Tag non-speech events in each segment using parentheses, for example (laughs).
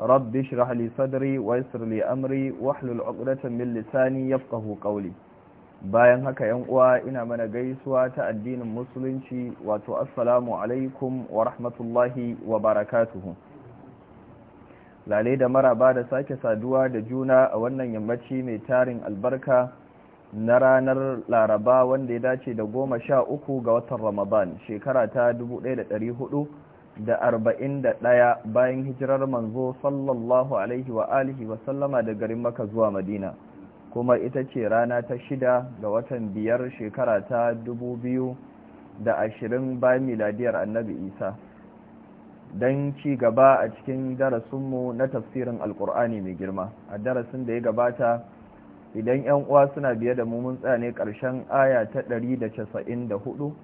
رب اشرح لي صدري ويسر لي امري واحلل عقدة من لساني يفقهوا قولي bayan haka yan uwa ina mana gaisuwa ta addinin musulunci wato assalamu alaikum wa rahmatullahi wa barakatuhu lalai da maraba da sake saduwa da juna a wannan yammaci mai tarin albarka na ranar laraba wanda ya dace da goma sha uku ga watan ramadan shekara ta hudu da arba'in da ɗaya bayan hijirar manzo sallallahu alaihi wa alihi wa sallama da garin maka zuwa madina kuma ita ce rana ta shida ga watan biyar shekara ta dubu biyu da ashirin bayan miladiyar annabi isa don ci gaba a cikin darasinmu na tafsirin alkur'ani mai girma a darasin da ya gabata idan 'yan uwa suna biye da mu mun tsane ƙarshen aya ta ɗari da da hudu.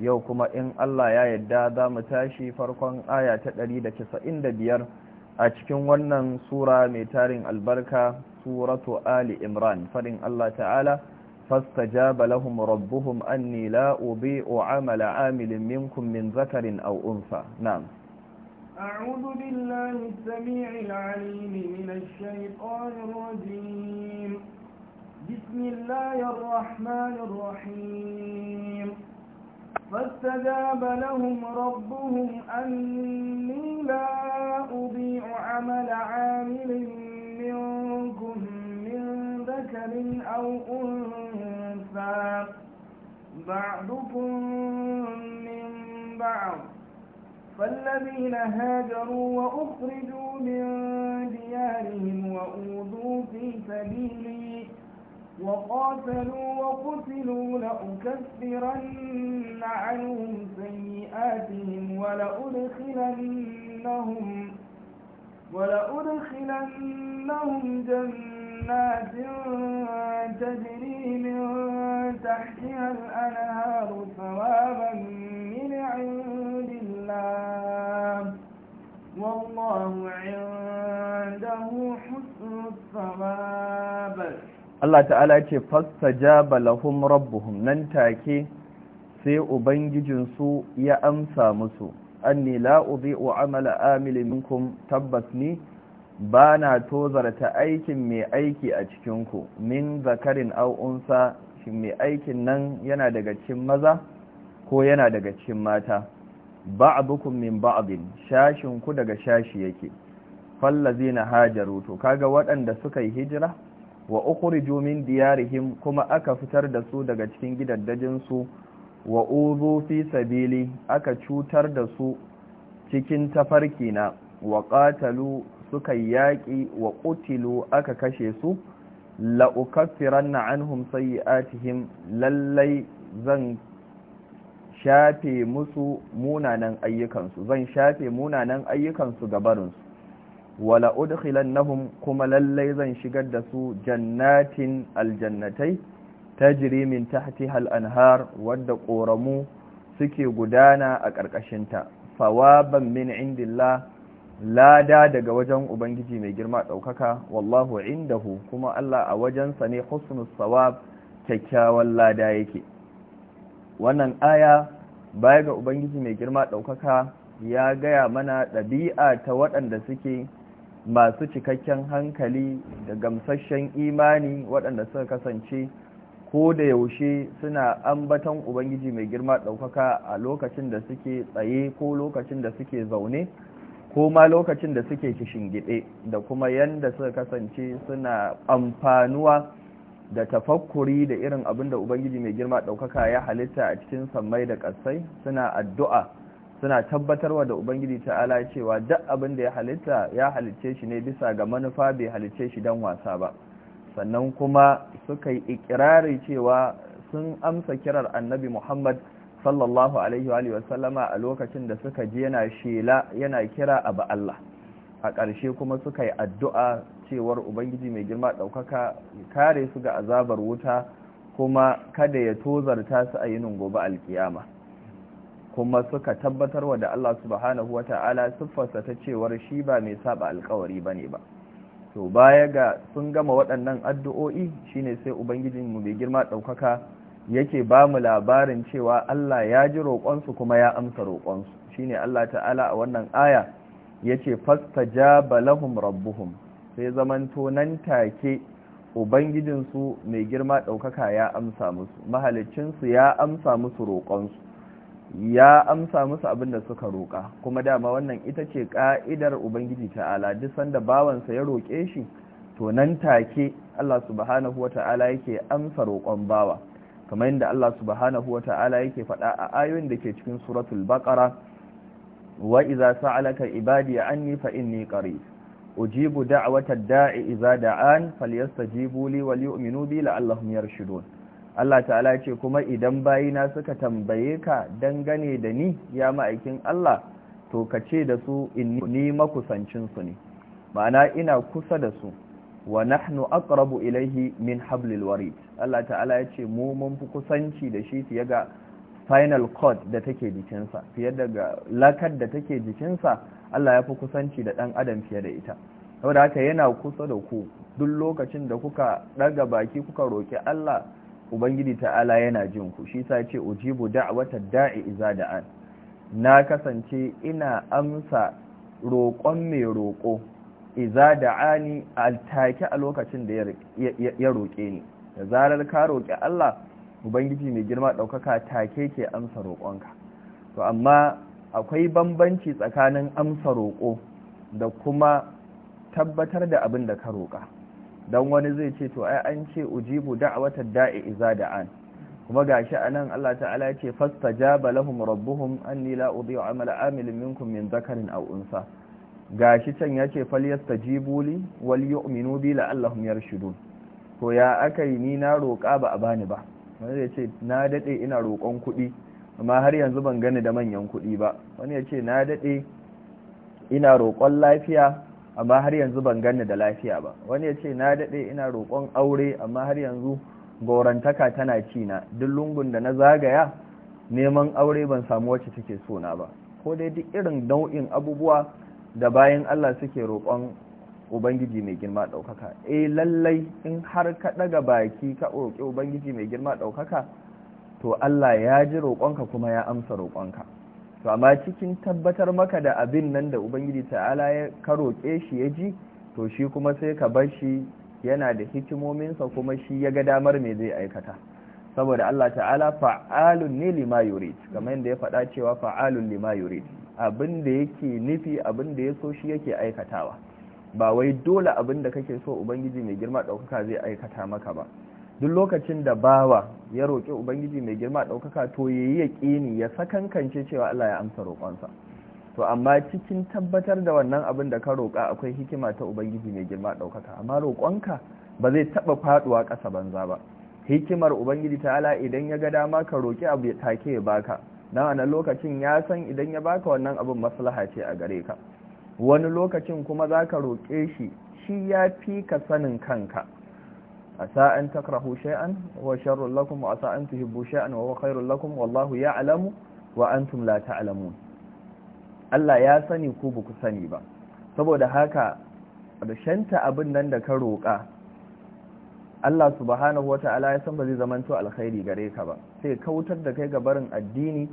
yau kuma in Allah ya yadda za mu tashi farkon aya ta 195 a cikin wannan sura mai tarin albarka suratu ali imran farin Allah ta'ala fastajaba lahum rabbuhum anni la ubi'u amala amilin minkum min zakarin aw unsa na'am أعوذ بالله السميع العليم من الشيطان الرجيم بسم الله الرحمن الرحيم فاستجاب لهم ربهم أني لا أضيع عمل عامل منكم من ذكر أو أنثى بعضكم من بعض فالذين هاجروا وأخرجوا من ديارهم وأوذوا في سبيلي وقاتلوا وقتلوا لأكفرن عنهم سيئاتهم ولأدخلنهم ولأدخلنهم جنات تجري من تحتها الأنهار ثوابا من عند الله والله عنده حسن الثواب Allah ta'ala ce fastajaba lahum rabbuhum nan take sai ubangijinsu ya amsa musu anni la udhi'u amala amilin minkum tabbas ne, bana tozarta aikin mai aiki a cikinku, ku min zakarin aw unsa shin mai aikin nan yana daga cikin maza ko yana daga cikin mata ba'dukum min ba'din shashin ku daga shashi yake fallazina hajaru to kaga waɗanda suka yi hijira wa ukhriju min diyarihim kuma aka fitar da su daga cikin gidaddajin su wa uzu fi sabili aka cutar da su cikin tafarki na wa qatalu suka yaki wa qutilu aka kashe su la ukaffiranna anhum sayiatihim lallai zan shafe musu munanan su zan shafe munanan ayyukansu gabarinsu wala udkhilannahum kuma lallai zan shigar da su jannatin aljannatai tajri min tahtiha al-anhar wadda ƙoramu suke gudana a ƙarƙashinta sawaban min indillah lada daga wajen ubangiji mai girma ɗaukaka wallahu indahu kuma Allah a wajensa ne husnul sawab kyakkyawan lada yake wannan aya baya ga ubangiji mai girma ɗaukaka ya gaya mana ɗabi'a ta waɗanda suke masu cikakken hankali da gamsashen imani waɗanda suka kasance ko da yaushe suna ambaton ubangiji mai girma ɗaukaka a lokacin da suke tsaye ko lokacin da suke zaune ko ma lokacin da suke kishingiɗe da kuma yanda suka kasance suna amfanuwa da tafakkuri da irin abin da ubangiji mai girma ɗaukaka ya halitta a cikin sammai da ƙasai suna addu'a suna tabbatarwa da ubangiji ta'ala cewa duk abin da ya halitta ya halicce shi ne bisa ga manufa bai halicce shi don wasa ba sannan kuma suka yi ikirari cewa sun amsa kirar annabi muhammad sallallahu alaihi wa sallama a lokacin da suka ji yana shela yana kira abu Allah a ƙarshe kuma suka yi addu'a cewar ubangiji mai girma ɗaukaka kare su ga azabar wuta kuma kada ya tozarta su a yinin gobe alkiyama kuma suka tabbatar wa da Allah subhanahu wata'ala siffarsa ta cewar shi ba mai saba alkawari ne ba to baya ga sun gama waɗannan addu'o'i shine sai ubangijin mu mai girma ɗaukaka yake ba mu labarin cewa Allah ya ji roƙonsu kuma ya amsa roƙonsu shine Allah ta'ala a wannan aya yace fastajaba lahum rabbuhum sai zamanto nan take ubangijinsu mai girma ɗaukaka ya amsa musu mahaliccinsu ya amsa musu roƙonsu ya amsa musu abin da suka roƙa kuma dama wannan ita ce ƙa'idar ubangiji ta'ala duk sanda bawansa ya roƙe shi to nan take Allah subhanahu wata'ala yake amsa roƙon bawa kamar yadda Allah subhanahu wata'ala yake faɗa a ayoyin da ke cikin suratul baqara wa iza sa'alaka ibadi anni fa inni qarib ujibu da'watad da'i iza da'an falyastajibu li wa yu'minu bi la'allahum yarshudun Allah ta'ala ce kuma idan bayina suka tambaye ka dangane da ni ya ma'aikin Allah to ka ce da su ni makusancinsu ne ma'ana ina kusa da su wa nahnu aqrabu ilaihi min hablil warid Allah ta'ala ya ce mu mun fi kusanci da shi fiye ga final cord da take jikinsa fiye daga lakar da take jikinsa Allah ya fi kusanci da ɗan adam fiye da ita saboda haka yana kusa da ku duk lokacin da kuka daga baki kuka roki Allah ubangiji ta'ala yana jin ku shi sa ce ujibu da'wata da'i iza da'an na kasance ina amsa roƙon mai roƙo iza da'ani altake a lokacin da ya roƙe ni da zarar ka roƙi Allah ubangiji mai girma ɗaukaka take ke amsa roƙonka to amma akwai bambanci tsakanin amsa roƙo da kuma tabbatar da abin da ka roƙa don wani zai ce to ai an ce ujibu da'watar da'i iza an. kuma gashi nan Allah ta'ala ya ce fastajaba lahum rabbuhum anni la udhi'u amala amilin minkum min dhakarin aw unsa gashi can ya ce falyastajibu li wal yu'minu bi la'allahum yarshudun to ya akai ni na roƙa ba a bani ba wani ya ce na daɗe ina roƙon kuɗi amma har yanzu ban gani da manyan kuɗi ba wani ya ce na daɗe ina roƙon lafiya amma har yanzu ban ganni da lafiya ba wani ya ce na daɗe ina roƙon aure amma har yanzu gorantaka tana cina duk lungun da na zagaya neman aure ban samu wacce take so na ba ko dai duk irin nau'in abubuwa da bayan Allah suke roƙon ubangiji mai girma ɗaukaka eh lallai in har ka ɗaga baki ka roƙi ubangiji mai girma ɗaukaka to Allah ya ji roƙonka kuma ya amsa roƙonka to amma cikin tabbatar maka da abin nan da ubangiji ta'ala ya karoke shi ya ji to shi kuma sai ka bar shi yana da hikimominsa kuma shi ya ga damar mai zai aikata saboda Allah ta'ala fa'alun ne lima yurid kamar yadda ya faɗa cewa fa'alun lima yurid abin da yake nufi abin da ya so shi yake aikatawa ba wai dole abin da kake so ubangiji mai girma ɗaukaka zai aikata maka ba duk lokacin da bawa ya roƙi ubangiji mai girma ɗaukaka to ya yi yaƙini ya sakankance cewa Allah ya amsa roƙonsa to amma cikin tabbatar da wannan abin da ka roƙa akwai hikima ta ubangiji mai girma ɗaukaka amma roƙonka ba zai taɓa faɗuwa ƙasa banza ba hikimar ubangiji ta ala idan ya ga dama ka roƙi abu ya take ya baka dan a lokacin ya san idan ya baka wannan abin maslaha ce a gare ka wani lokacin kuma za ka roƙe shi shi ya fi ka sanin kanka asa an takrahu shay'an wa sharrun lakum wa asa tuhibbu wa huwa lakum wallahu alamu, wa tumla ta alamu. Allah ya sani ku ba ku sani ba saboda haka rashanta abin nan da ka roƙa Allah subhanahu wata'ala ya san ba zai zamanto alkhairi gare ka ba sai kautar da kai ga barin addini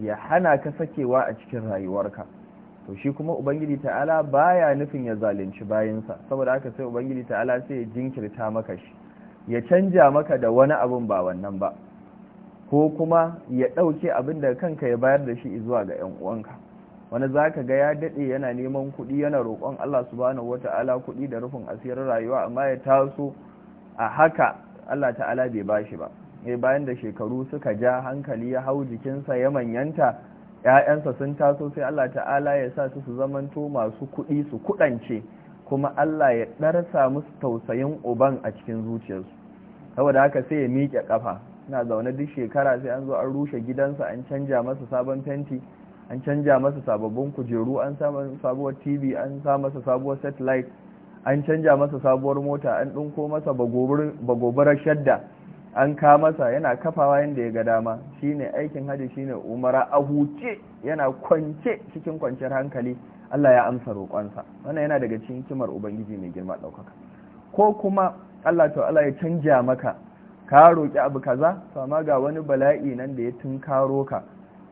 ya hana ka sakewa a cikin rayuwarka to shi kuma ubangiji ta'ala baya nufin ya zalunci bayinsa saboda haka sai ubangiji ta'ala sai ya jinkirta maka shi ya canja maka da wani abin ba wannan ba ko kuma ya ɗauke abin da kanka ya bayar da shi zuwa ga 'yan uwanka wani za ka ga ya daɗe yana neman kuɗi yana roƙon Allah subhanahu ala kuɗi da rufin asirin rayuwa amma ya taso a haka Allah ta'ala bai bashi ba ya bayan da shekaru suka ja hankali ya hau jikinsa ya manyanta ‘ya'yansa sun taso sai Allah ta'ala ya sa su su zamanto masu kuɗi su kuɗance kuma Allah ya ɗarsa musu tausayin uban a cikin zuciyarsu saboda haka sai ya miƙe ƙafa suna zaune duk shekara sai an zo an rushe gidansa an canja masa sabon fenti an canja masa sababbin kujeru an samu sabuwar tv an sa masa sabuwar satellite an canja masa sabuwar mota an ɗinko masa bagobarar shadda an ka masa yana kafawa yadda ya ga dama shine aikin hajji shine umara a huce yana kwance cikin kwanciyar hankali Allah ya amsa roƙonsa wannan yana daga cikin kimar ubangiji mai girma ɗaukaka ko kuma Allah to Allah ya canja maka ka roƙi abu kaza to amma ga wani bala'i nan da ya tunkaro ka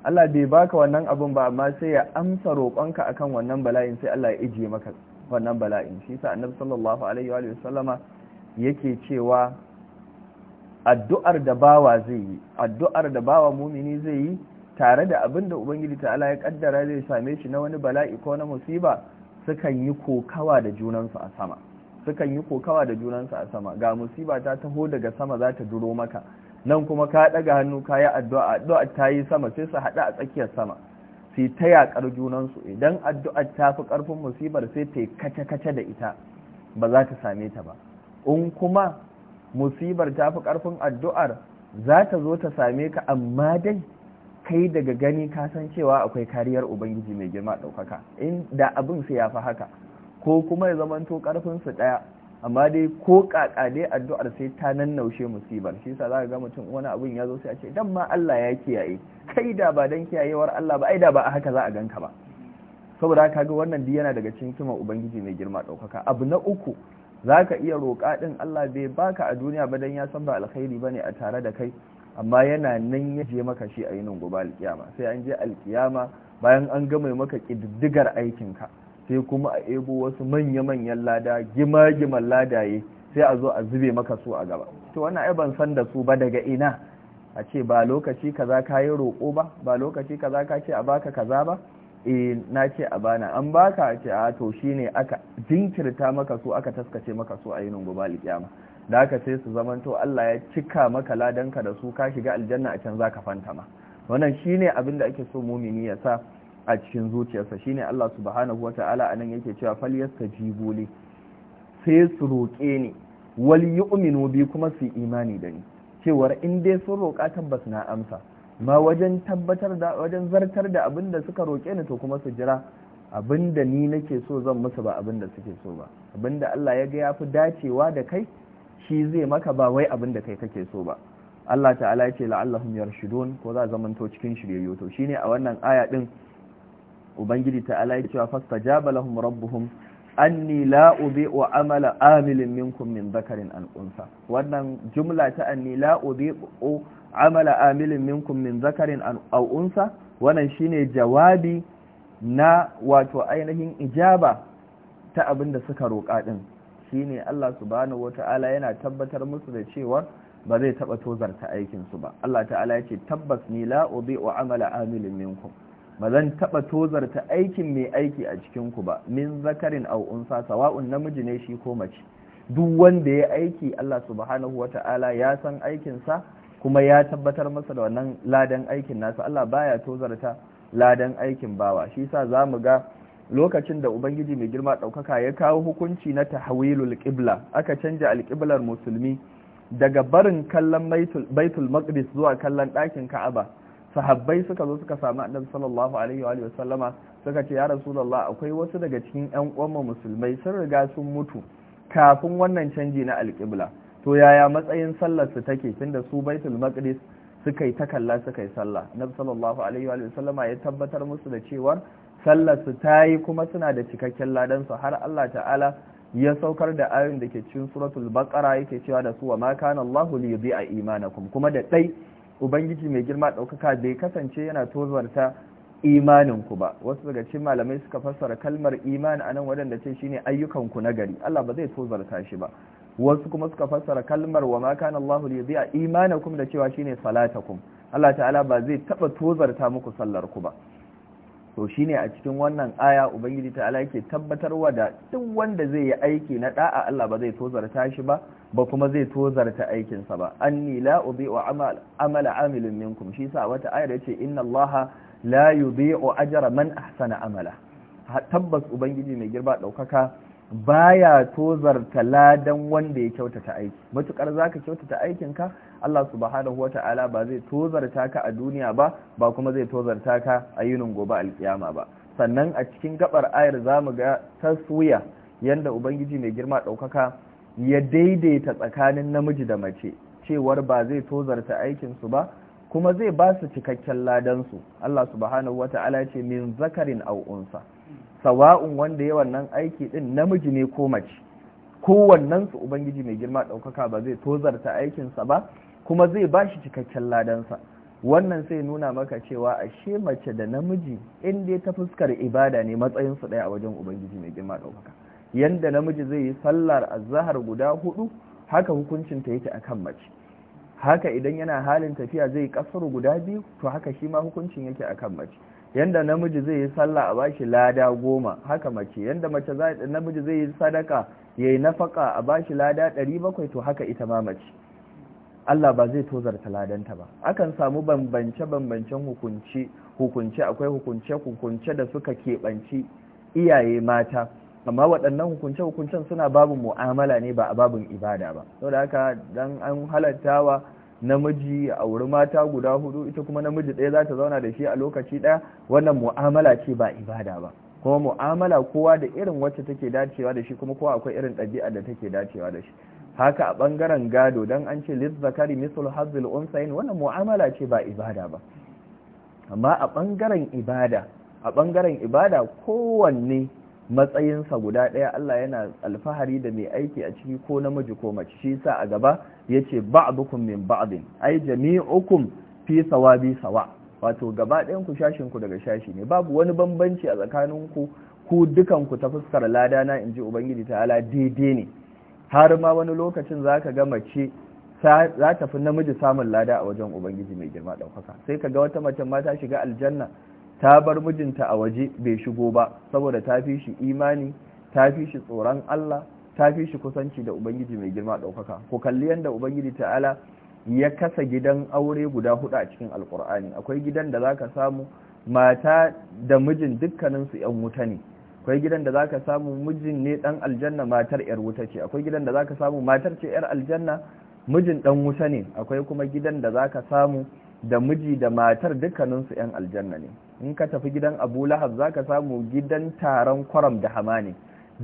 Allah bai baka wannan abun ba amma sai ya amsa roƙonka akan wannan bala'in sai Allah ya ije maka wannan bala'in shi yasa annabi sallallahu alaihi wa sallama yake cewa addu'ar da bawa zai yi addu'ar da bawa mumini zai yi tare da abin da ubangiji ta'ala ya kaddara zai same shi na wani bala'i ko na musiba sukan yi kokawa da junansu a sama sukan yi kokawa da junansu a sama ga musiba ta taho daga sama za ta duro maka nan kuma ka daga hannu ka yi addu'a addu'a ta yi sama sai su haɗa a tsakiyar sama sai ta yaƙar junansu idan addu'a ta fi ƙarfin musibar sai ta yi kace-kace da ita ba za ta same ta ba in kuma musibar ta fi ƙarfin addu'ar za ta zo ta same ka amma dai kai daga gani ka san cewa akwai kariyar ubangiji mai girma ɗaukaka inda abin su ya fi haka ko kuma ya zamanto ƙarfinsu ɗaya amma dai ko ƙaƙa dai addu'ar sai ta nan naushe musibar shi sa za ga mutum wani abin ya zo sai a ce dan ma Allah ya kiyaye kai da ba dan kiyayewar Allah ba ai da ba a haka za a ganka ba saboda ka ga wannan duk yana daga cikin kuma ubangiji mai girma ɗaukaka abu na uku zaka iya roƙa ɗin Allah bai baka a duniya ba dan ya san ba alkhairi ba ne a tare da kai amma yana nan ya je maka shi a yinin gobe alkiyama sai an je alkiyama bayan an gama maka ƙididdigar aikinka sai kuma a ebo wasu manya-manyan lada gima-giman ladaye sai a zo a zube maka su a gaba to wannan ai ban san da su ba daga ina a ce ba lokaci kaza ka yi roƙo ba ba lokaci kaza ka ce a baka kaza ba e na ce a bana an baka ka ce a to shine aka jinkirta maka su aka taskace maka su a yinin gobe alkiyama da aka sai su zamanto Allah ya cika maka ladanka da su ka shiga aljanna a can za fanta ma wannan shine abin da ake so mumini ya sa a cikin zuciyarsa shine Allah subhanahu wataala anan yake cewa falyastajibu li sai su roƙe ni wal yu'minu bi kuma su imani da ni cewar in dai sun roƙa tabbas na amsa ma wajen tabbatar da wajen zartar da abin da suka roƙe ni to kuma su jira abin da ni nake so zan musu ba abin da suke so ba abin da Allah ya ga yafi dacewa da kai shi zai maka ba wai abin da kai kake so ba Allah ta'ala ya ce la'allahum yarshudun ko za zamanto cikin shiryayyo to shine a wannan aya din ubangiji ta'ala ya ce fastajaba lahum rabbuhum anni la ubi'u amala amilin minkum min dhakarin an unsa wannan jumla ta anni la ubi'u amala amilin minkum min dhakarin aw unsa wannan shine jawabi na wato ainihin ijaba ta abinda suka roƙa din shine Allah subhanahu wata'ala yana tabbatar musu da cewa ba zai taba tozarta aikin su ba Allah ta'ala ya ce tabbas ni la wa amala amilin minkum ba zan taba tozarta aikin mai aiki a cikin ku ba min zakarin aw unsa sawa'un namiji ne shi ko mace duk wanda ya aiki Allah subhanahu wata'ala ya san aikin sa kuma ya tabbatar masa da wannan ladan aikin nasa Allah baya tozarta ladan aikin bawa shi yasa zamu ga lokacin da ubangiji mai girma ɗaukaka ya kawo hukunci na tahwilul qibla aka canja alqiblar musulmi daga barin kallon baitul maqdis zuwa kallon ɗakin ka'aba sahabbai suka zo suka samu annabi sallallahu alaihi wa sallama suka ce ya rasulullah akwai wasu daga cikin ƴan uwan musulmai sun riga sun mutu kafin wannan canji na alqibla to yaya matsayin sallar su take tunda su baitul maqdis suka yi ta kalla suka yi sallah annabi sallallahu alaihi wa sallama ya tabbatar musu da cewa sallarsu ta yi kuma suna da cikakken ladansu har Allah ta'ala ya saukar da ayin da ke cikin suratul baqara yake cewa da su wa ma kana Allahu li yudhi'a imanakum kuma da dai ubangiji mai girma daukaka bai kasance yana tozarta imanin ku ba wasu daga cikin malamai suka fassara kalmar iman anan wadanda ce shine ayyukan ku na gari Allah ba zai tozarta shi ba wasu kuma suka fassara kalmar wa ma kana Allahu li yudhi'a imanakum da cewa shine salatakum Allah ta'ala ba zai taba tozarta muku sallar ku ba to shi ne a cikin wannan aya ubangiji ta ala yake tabbatarwa da duk wanda zai yi aiki na da'a Allah ba zai tozarta shi ba ba kuma zai tozarta aikinsa ba anni la udhi'u amala amilin minkum shi sa wata ayar yace inna allaha la yudhi'u ajra man ahsana amala tabbas ubangiji mai girba daukaka baya tozarta ladan wanda ya kyautata aiki matukar zaka kyautata aikinka Allah subhanahu wata'ala ba zai tozarta ka a duniya ba ba kuma zai tozarta ka a yinin gobe alkiyama ba sannan a cikin gabar ayar zamu ga taswiya yanda ubangiji mai girma daukaka ya daidaita tsakanin namiji da mace cewar ba zai tozarta aikin su ba kuma zai ba su cikakken ladan su Allah subhanahu wata'ala ce min zakarin aw unsa sawa'un wanda ya wannan aiki din namiji ne ko mace kowannensu su ubangiji mai girma ɗaukaka ba zai tozarta aikinsa ba kuma zai ba shi cikakken ladansa wannan sai nuna maka cewa ashe mace da namiji inda ta fuskar ibada ne matsayinsu ɗaya a wajen ubangiji mai girma ɗaukaka yanda namiji zai yi sallar azahar guda hudu haka hukuncin ta yake akan mace haka idan yana halin tafiya zai yi kasar guda biyu to haka shi ma hukuncin yake akan mace yanda namiji zai yi sallah a bashi lada goma haka mace yanda mace namiji zai yi sadaka yayi nafaka a bashi lada 700 to haka ita ma mace Allah ba zai tozarta ladanta ba akan samu bambance-bambancen hukunci hukunce akwai hukunce-hukunce da suka keɓanci iyaye mata amma waɗannan hukunce-hukuncen suna babu mu'amala ne ba a babin ibada ba sau da haka dan an halattawa namiji a wuri mata guda hudu ita kuma namiji ɗaya za ta zauna da shi a lokaci ɗaya wannan mu'amala ce ba ibada ba kuma mu'amala kowa da irin wacce take dacewa da shi kuma kowa akwai irin ɗabi'a da take dacewa da shi haka a bangaren gado dan an ce lizzakari misal hazil unsayin wannan mu'amala ce ba ibada ba amma a bangaren ibada a bangaren ibada kowanne matsayinsa guda ɗaya Allah yana alfahari da mai aiki a ciki ko namiji ko mace shi sa a gaba yace ba'dukum min ba'din ai jami'ukum fi sawabi sawa wato gaba ɗayan ku shashin ku daga shashi ne babu wani bambanci a tsakanin ku dukanku ta fuskar lada na inji ubangiji ta ta'ala daidai ne har ma wani lokacin za ka ga mace za ta fi namiji samun lada a wajen ubangiji mai girma ɗaukaka sai ka ga wata mace ma ta shiga aljanna ta bar mijinta a waje bai shigo ba saboda ta fi shi imani ta fi shi tsoron Allah ta fi shi kusanci da ubangiji mai girma ɗaukaka ku kalli yadda ubangiji ta'ala ya kasa gidan aure guda hudu a cikin alkur'ani akwai gidan da za ka samu mata da mijin dukkaninsu 'yan wuta ne akwai gidan da zaka samu mijin ne dan aljanna matar yar wuta ce akwai gidan da zaka samu matar ce yar aljanna mijin dan wuta ne akwai kuma gidan da zaka samu da miji da matar dukkaninsu yan aljanna ne in ka tafi gidan Abu Lahab zaka samu gidan taron kwaram da hamani. ne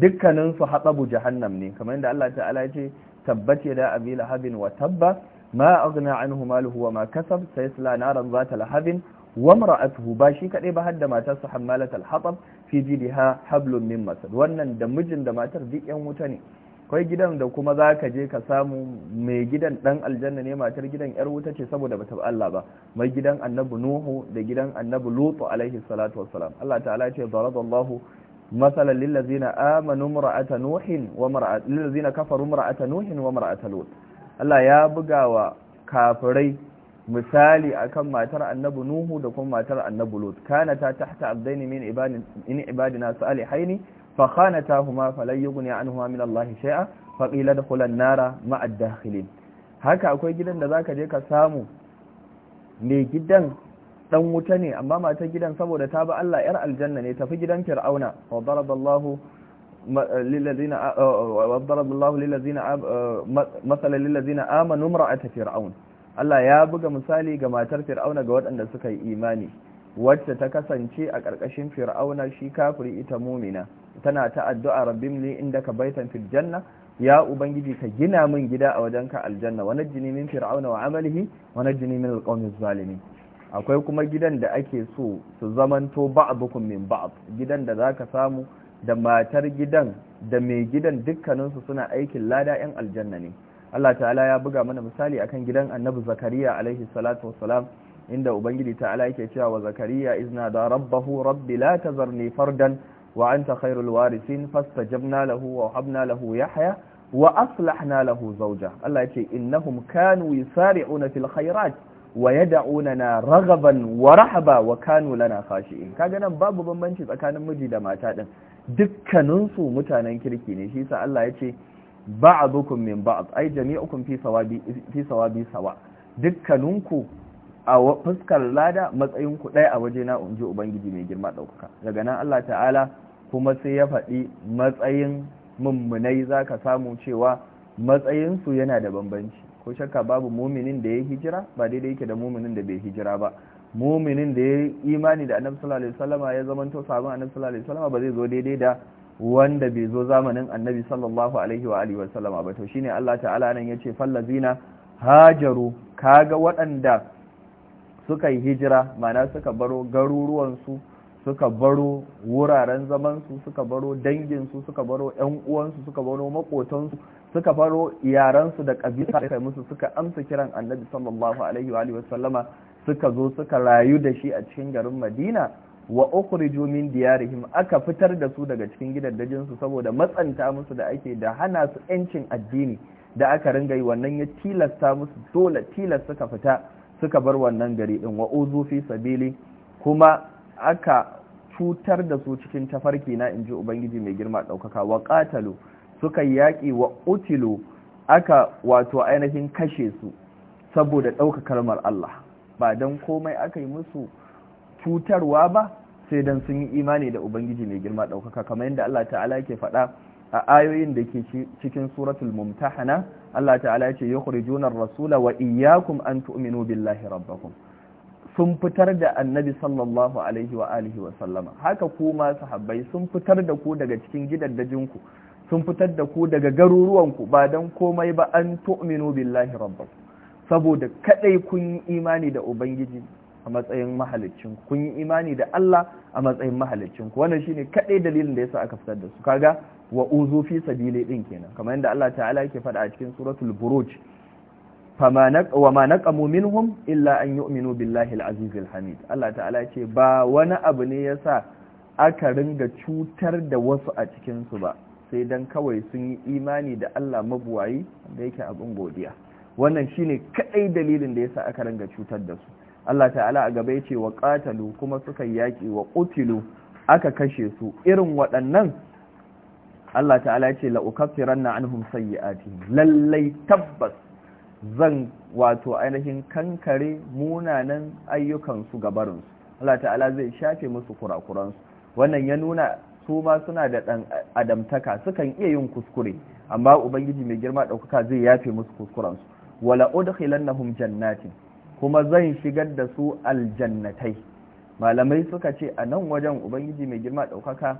dukkaninsu hatsabu jahannam ne kamar yadda Allah ta'ala ya ce tabbati da abi lahabin wa tabba ma aghna anhu maluhu wa ma kasab sayasla naran zata lahabin wa mar'atuhu ba shi kadai ba hadda su hammalatul hatab fi jiliha hablum min masad wannan da mijin da matar duk yan wuta ne kai gidan da kuma za ka je ka samu mai gidan dan aljanna ne matar gidan yar wuta ce saboda bata Allah ba mai gidan annabi nuhu da gidan annabi lutu alaihi salatu wassalam Allah ta'ala ce daradallahu masalan lil ladzina amanu mar'ata nuhin wa mar'at lil ladzina nuhin wa mar'ata lut Allah ya kafirai misali akan matar annabi nuhu da kuma matar annabi lut ta tahta abdaini min ibadin in ibadina salihaini fa khanatahuma falan yughni anhuma min allahi shay'a fa qila dakhulan nara ma'a dakhilin haka akwai gidan da zaka je ka samu mai gidan dan wuta ne amma matar gidan saboda ta ba Allah yar aljanna ne tafi gidan fir'auna wa daraballahu للذين وضرب الله للذين مثلا Allah ya buga misali ga matar fir'auna ga waɗanda suka yi imani wacce ta kasance a ƙarƙashin fir'auna shi kafiri ita mumina tana ta addu'a rabbim li indaka baitan fil janna ya ubangiji ka gina min gida a wajen ka aljanna wa najjini min fir'auna wa amalihi wa najjini min alqawmiz zalimin akwai kuma gidan da ake so su zamanto ba'dukum min ba'd gidan da zaka samu da matar gidan da mai gidan dukkaninsu suna aikin lada 'yan aljanna ne Allah ta'ala ya buga mana misali akan gidan annabi zakariya alaihi salatu wassalam inda ubangiji ta'ala yake cewa wa zakariya izna da rabbahu rabbi la tazarni fardan wa anta khairul warisin fastajabna lahu wa habna lahu yahya wa aslahna lahu zawja Allah yake innahum kanu yusari'una fil khairat wa yad'unana raghaban wa rahaba wa kanu lana khashi'in kaga nan babu bambanci tsakanin miji da mata din dukkaninsu mutanen kirki ne shi yasa Allah ce. ba'dukum min ba'd ai jami'ukum fi sawabi fi sawabi sawa dukkaninku a fuskar lada matsayin ku ɗaya a waje na unji ubangiji mai girma daukaka daga nan Allah ta'ala kuma sai ya faɗi matsayin mummunai zaka samu cewa matsayinsu yana da bambanci ko shakka babu muminin da ya hijira ba daidai yake da muminin da bai hijira ba muminin da ya imani da annabi sallallahu alaihi wasallama ya zamanto sabon annabi sallallahu alaihi wasallama ba zai zo daidai da wanda bai zo zamanin annabi sallallahu alaihi wa alihi wasallama ba to shine Allah ta'ala nan yace fallazina hajaru kaga waɗanda suka yi hijira mana suka baro garuruwansu suka baro wuraren zamansu suka baro danginsu suka baro uwan uwansu suka baro su suka baro yaransu da ƙabila kai musu suka amsa kiran annabi sallallahu alaihi wa sallama suka zo suka rayu da shi a cikin garin madina wa ukhriju min diyarihim aka fitar da su daga cikin gidaddajin su saboda matsanta musu da ake da hana su yancin addini da aka ringa yi wannan ya tilasta musu dole tilasta suka fita suka bar wannan gari din wa uzu fi sabili kuma aka cutar da su cikin tafarki na inji ubangiji mai girma daukaka wa qatalu suka yaki wa utilu aka wato ainihin kashe su saboda daukar kalmar Allah ba dan komai aka yi musu cutarwa ba sai dan sun yi imani da ubangiji mai girma ɗaukaka kamar yadda Allah ta'ala ke faɗa a ayoyin da ke cikin suratul mumtahana Allah ta'ala ce yukhrijuna ar-rasula wa iyyakum an tu'minu billahi rabbakum sun fitar da annabi sallallahu alaihi wa alihi wa sallama haka kuma sahabbai sun fitar da ku daga cikin gidaddajinku sun fitar da ku daga garuruwanku ba dan komai ba an tu'minu billahi rabbakum saboda kadai kun yi imani da ubangiji a matsayin mahalicin kun yi imani da Allah a matsayin mahalicin ku wannan shine kadai dalilin da yasa aka fitar da su kaga wa uzu fi sabili din kenan kamar yadda Allah ta'ala yake faɗa a cikin suratul buruj fama wa ma naqamu minhum illa an yu'minu billahi al-azizil hamid Allah ta'ala ya ce ba wani abu ne yasa aka ringa cutar da wasu a cikin su ba sai dan kawai sun yi imani da Allah mabuwayi da yake abun godiya wannan shine kadai dalilin da yasa aka ringa cutar da su Allah ta'ala a gaba yace wa qatalu kuma suka yaki wa qutilu aka kashe su irin waɗannan Allah ta'ala yace la ukaffiranna anhum sayyi'atihim lallai tabbas zan wato ainihin kankare munanan ayyukan su gabarin Allah ta'ala zai shafe musu kurakuran su wannan ya nuna su ma suna da dan adamtaka sukan iya yin kuskure amma ubangiji mai girma daukaka zai yafe musu kuskuran su wala udkhilannahum jannatin kuma zan shigar da su aljannatai malamai suka ce a nan wajen ubangiji mai girma ɗaukaka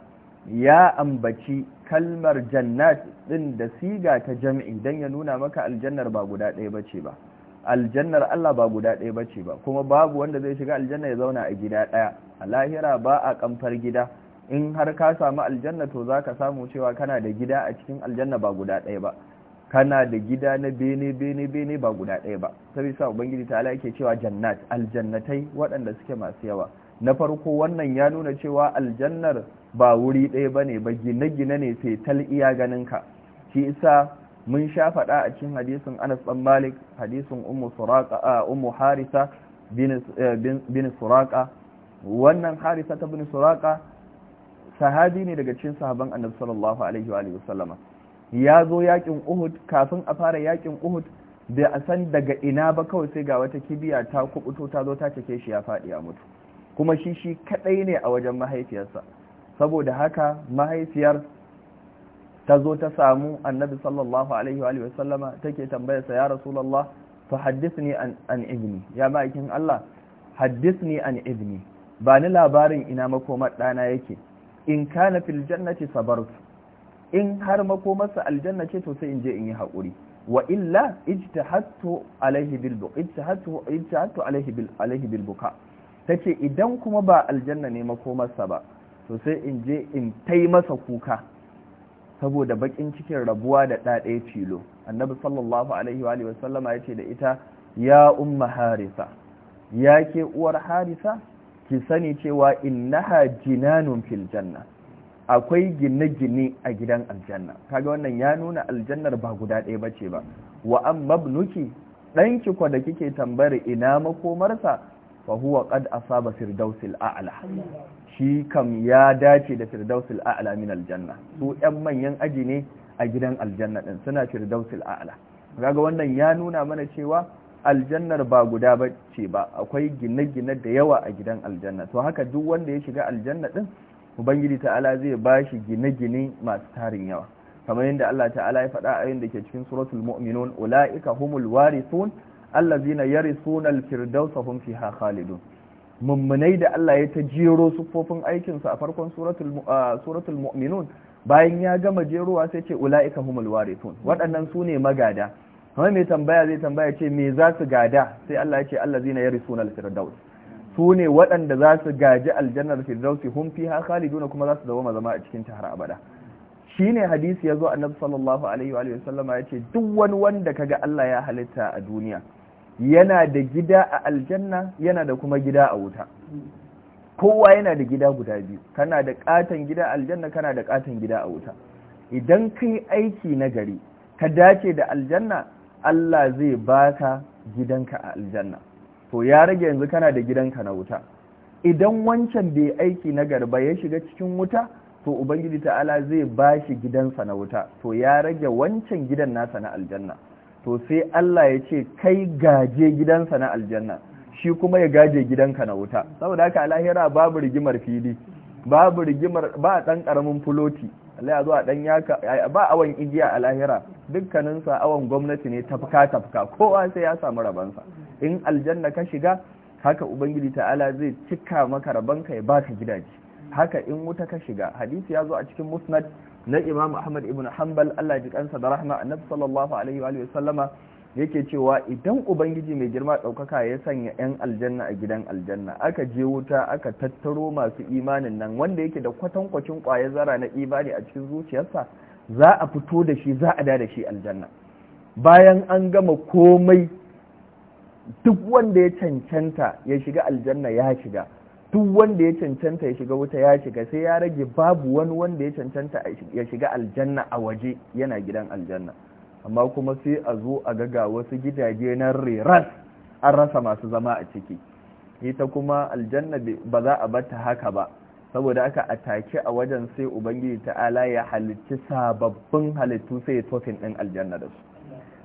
ya ambaci kalmar jannat ɗin da siga ta jam'i don ya nuna maka aljannar ba guda ɗaya ba ce ba aljannar Allah ba guda ɗaya ba ce ba kuma babu wanda zai shiga aljanna ya zauna a gida ɗaya a lahira ba a kamfar gida in har ka samu aljanna to za ka samu cewa kana da gida a cikin aljanna ba guda ɗaya ba kana da gida na bene bene bene ba guda ɗaya ba sai sa ubangiji ta yake cewa jannat aljannatai waɗanda suke masu yawa na farko wannan ya nuna cewa aljannar ba wuri ɗaya bane ba gine-gine ne sai tal iya ganinka shi isa mun sha faɗa a cikin hadisin Anas ɗan Malik hadisin Ummu suraka a Ummu Harisa bin eh, suraka wannan Harisa ta bin suraka sahabi ne daga cikin sahaban Annabi sallallahu alaihi wa alihi wasallama ya zo yakin uhud kafin a fara yakin uhud bai a san daga ina ba kawai sai ga wata kibiya ta kubuto ta zo ta cike shi ya faɗi a mutu kuma shi shi kadai ne a wajen mahaifiyarsa saboda haka mahaifiyar ta zo ta samu annabi sallallahu alaihi wa sallama take tambayarsa ya rasulullah fa haddithni an an ibni ya ma'aikin Allah haddithni an ibni ba ni labarin ina makoma dana yake in kana fil jannati sabartu in har makomarsa aljanna ce to sai in je in yi hakuri, wa illa ijtahadtu alaihi bil ijtahadtu alaihi bil tace idan kuma ba aljanna ne makomarsa ba to sai in je in tai masa kuka saboda bakin cikin rabuwa da ɗaɗaya filo annabi sallallahu alaihi wa alihi wasallama yace da ita ya umma harisa ya ke uwar harisa ki sani cewa innaha jinanun fil janna akwai gine-gine a gidan aljanna kaga wannan ya nuna aljannar ba guda ɗaya ba ce ba wa amma ibnuki danki kwa da kike tambayar ina makomarsa fa huwa qad asaba firdausil a'la shi kam ya dace da firdausil a'la min aljanna su ƴan manyan aji ne a gidan aljanna din suna firdausil a'la kaga wannan ya nuna mana cewa aljannar ba guda ba ce ba akwai gine-gine da yawa a gidan aljanna to haka duk wanda ya shiga aljanna din ubangiji ta'ala zai bashi gine-gine masu tarin yawa kamar yadda Allah ta'ala ya faɗa a da ke cikin suratul mu'minun ula'ika humul warithun allazina yarithuna al-firdausa hum fiha khalidun mummunai da Allah ya ta jero sufofin aikin a farkon suratul suratul mu'minun bayan ya gama jerowa sai ce ula'ika humul warithun waɗannan su ne magada kamar mai tambaya zai tambaya ce me za su gada sai Allah ya ce allazina yari al-firdaus su ne waɗanda za su gaji aljannar firdausi hun fi ha khaliduna kuma za su zama zama a cikin har abada shi ne hadisi ya zo annabi sallallahu alaihi wa sallama ya ce duk wani wanda ka ga Allah ya halitta a duniya yana da gida a aljanna yana da kuma gida a wuta kowa yana da gida guda biyu kana da katon gida aljanna kana da katon gida a wuta idan kai aiki na gari ka dace da aljanna Allah zai baka gidanka a aljanna to ya rage yanzu kana da gidanka na wuta idan wancan bai aiki na garba ya shiga cikin wuta to ubangiji ta'ala zai ba shi gidansa na wuta to ya rage wancan gidan nasa na aljanna to sai Allah ya ce kai gaje gidansa na aljanna shi kuma ya gaje gidanka na wuta saboda haka alahira babu rigimar fili babu rigimar ba dan karamin fuloti Allah ya zo a dan yaka ba awon igiya a lahira dukkanin sa awon gwamnati ne tafka tafka kowa sai ya samu sa in aljanna ka shiga haka ubangiji ta'ala zai cika maka ka ya baka gidaje haka in wuta ka shiga hadisi ya zo a cikin musnad na Imam Ahmad ibn Hanbal Allah ya ji kansa da rahma annabi sallallahu alaihi wa sallama yake cewa idan ubangiji mai girma ɗaukaka ya sanya 'yan aljanna a gidan aljanna aka je wuta aka tattaro masu imanin nan wanda yake da kwatankwacin ƙwayar zara na imani a cikin zuciyarsa za a fito da shi za a da da shi aljanna bayan an gama komai duk wanda ya cancanta ya shiga aljanna ya shiga duk wanda ya cancanta ya shiga wuta ya shiga sai ya rage babu wani wanda ya cancanta ya shiga aljanna a waje yana gidan aljanna amma kuma sai a zo a ga wasu gidaje na riras an rasa masu zama a ciki ita kuma aljanna ba za a bata haka ba saboda aka atake a wajen sai ubangiji ta'ala ya halicci sababbin halittu sai ya tofin din aljanna da su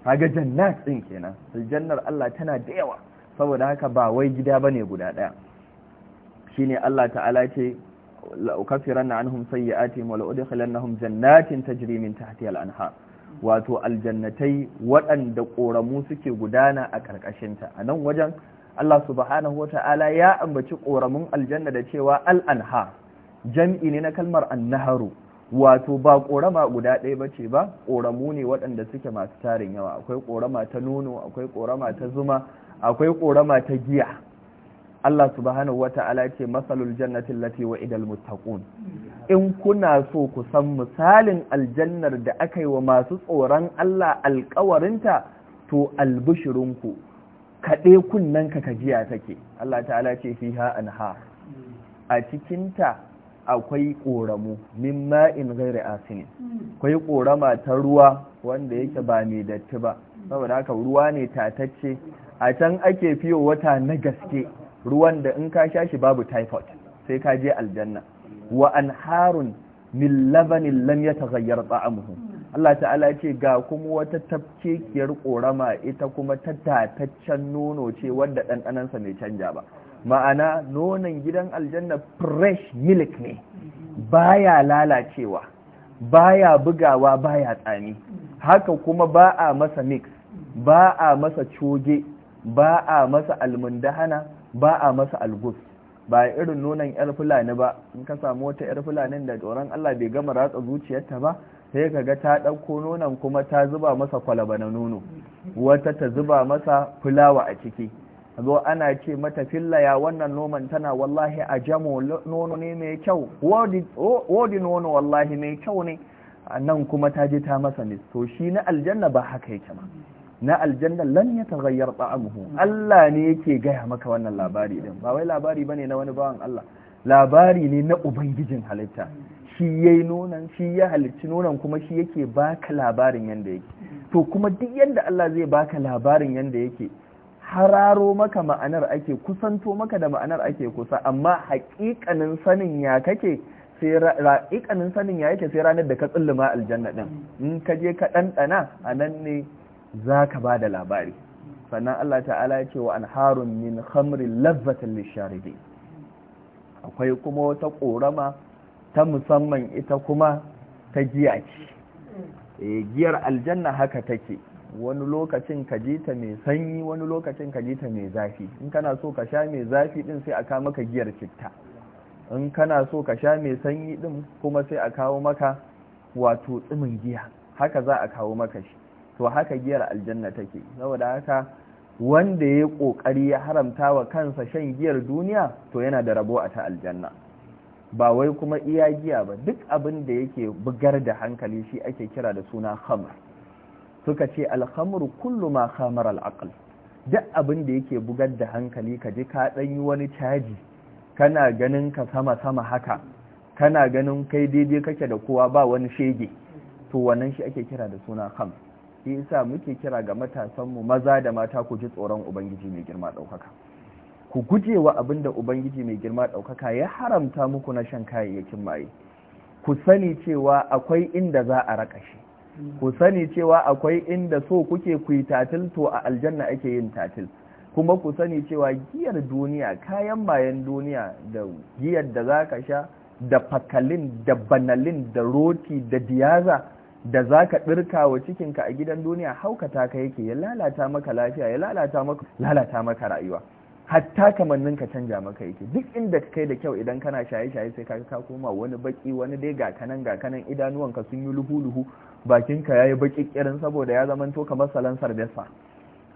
haga jannat din kenan aljannar Allah tana da yawa saboda haka ba wai gida bane guda daya shine Allah ta'ala ce la ukaffiranna anhum sayyi'atihim wa la udkhilannahum jannatin tajri min tahtiha al-anhar wato aljannatai waɗanda ƙoramu suke gudana a ƙarƙashinta a nan wajen Allah subhanahu wata'ala ya ambaci ƙoramun aljanna da cewa al'anha jam'i ne na kalmar annaharu wato ba ƙorama guda ɗaya ba ce ba ƙoramu ne waɗanda suke masu tarin yawa akwai ƙorama ta nono akwai ƙorama ta zuma akwai ƙorama ta giya Allah subhanahu wata'ala ce masalul jannatin lati wa idal muttaqun in kuna so ku san misalin aljannar da aka yi wa masu tsoron Allah alkawarinta to albishirinku kaɗe kunnen ka kajiya take Allah ta'ala ce fi fiha ha a cikinta akwai ƙoramu min ma'in ghairi asini akwai ƙorama ta ruwa wanda yake ba mai datti ba saboda haka ruwa ne tatacce a can ake fiye wata na gaske ruwan da in ka sha shi babu typhoid sai ka je aljanna wa anharun min labanin lam yataghayyar ta'amuhu Allah ta'ala ce ga kuma wata tafkekiyar ƙorama, ita kuma ta tataccen nono ce wanda ɗanɗanansa mai canja ba ma'ana nonon gidan aljanna fresh milk ne baya lalacewa baya bugawa baya tsami haka kuma ba a masa mix ba a masa coge ba a masa almundahana ba a masa algus ba irin nonon yar fulani ba in ka samu wata yar fulanin da tsoron Allah bai gama ratsa zuciyarta ba sai ka ga ta ɗauko nonon kuma ta zuba masa kwalaba na nono wata ta zuba masa fulawa a ciki zo ana ce mata fillaya wannan noman tana wallahi a jamo nono ne mai kyau wodi nono wallahi mai kyau ne nan kuma ta ji ta masa ne to shi na aljanna ba haka yake ba na aljanna lan ya tagayyar ta'amuhu Allah ne yake gaya maka wannan labari din ba wai labari bane na wani bawan Allah labari ne na ubangijin halitta shi yayi nonan shi ya halicci nonan kuma shi yake baka labarin yanda yake to kuma duk yanda Allah zai baka labarin yanda yake hararo maka ma'anar ake kusanto maka da ma'anar ake kusa amma haƙiƙanin sanin ya kake sai sanin ya yake sai ranar da ka tsulluma aljanna din in ka je ka ɗanɗana a nan ne za ka ba da labari sannan Allah ta'ala ya ce wa an harun min khamri lazzatan lisharibi akwai kuma wata korama ta musamman ita kuma ta giya ce eh, giyar aljanna haka take wani lokacin ka ji ta mai sanyi wani lokacin ka ji ta mai zafi in kana so ka sha mai zafi din sai a kawo maka giyar citta in kana so ka sha mai sanyi din kuma sai a kawo maka wato tsimin giya haka za a kawo maka shi to haka giyar aljanna take saboda haka wanda ya kokari ya haramta wa kansa shan giyar duniya to yana da rabo a ta aljanna ba wai kuma iya giya ba duk abin da yake bugar da hankali shi ake kira da suna khamr suka ce alhamru kullu ma khamar al'aql duk abin da yake bugar da hankali ka ji ka dan yi wani caji kana ganin ka sama sama haka kana ganin kai daidai kake da kowa ba wani shege to wannan shi ake kira da suna khamr shi yasa muke kira ga matasan mu maza da mata ku ji tsoron ubangiji mai girma ɗaukaka ku guje wa abin da ubangiji mai girma ɗaukaka ya haramta muku na shan kayayyakin maye ku sani cewa akwai inda za a raka shi ku sani cewa akwai inda so kuke ku yi tatil to a aljanna ake yin tatil kuma ku sani cewa giyar duniya kayan bayan duniya da giyar da za ka sha da fakalin da banalin da roti da diyaza da za ka ɗirka wa cikinka a gidan duniya haukata ka yake ya lalata maka lafiya ya lalata maka rayuwa hatta kamannin ka canja maka yake duk inda ka kai da kyau idan kana shaye-shaye sai kaka ka koma wani baki wani dai ga kanan ga kanan idanuwanka sun yi luhu-luhu bakinka yayi baki kirin saboda ya zama to kamar salon sardesa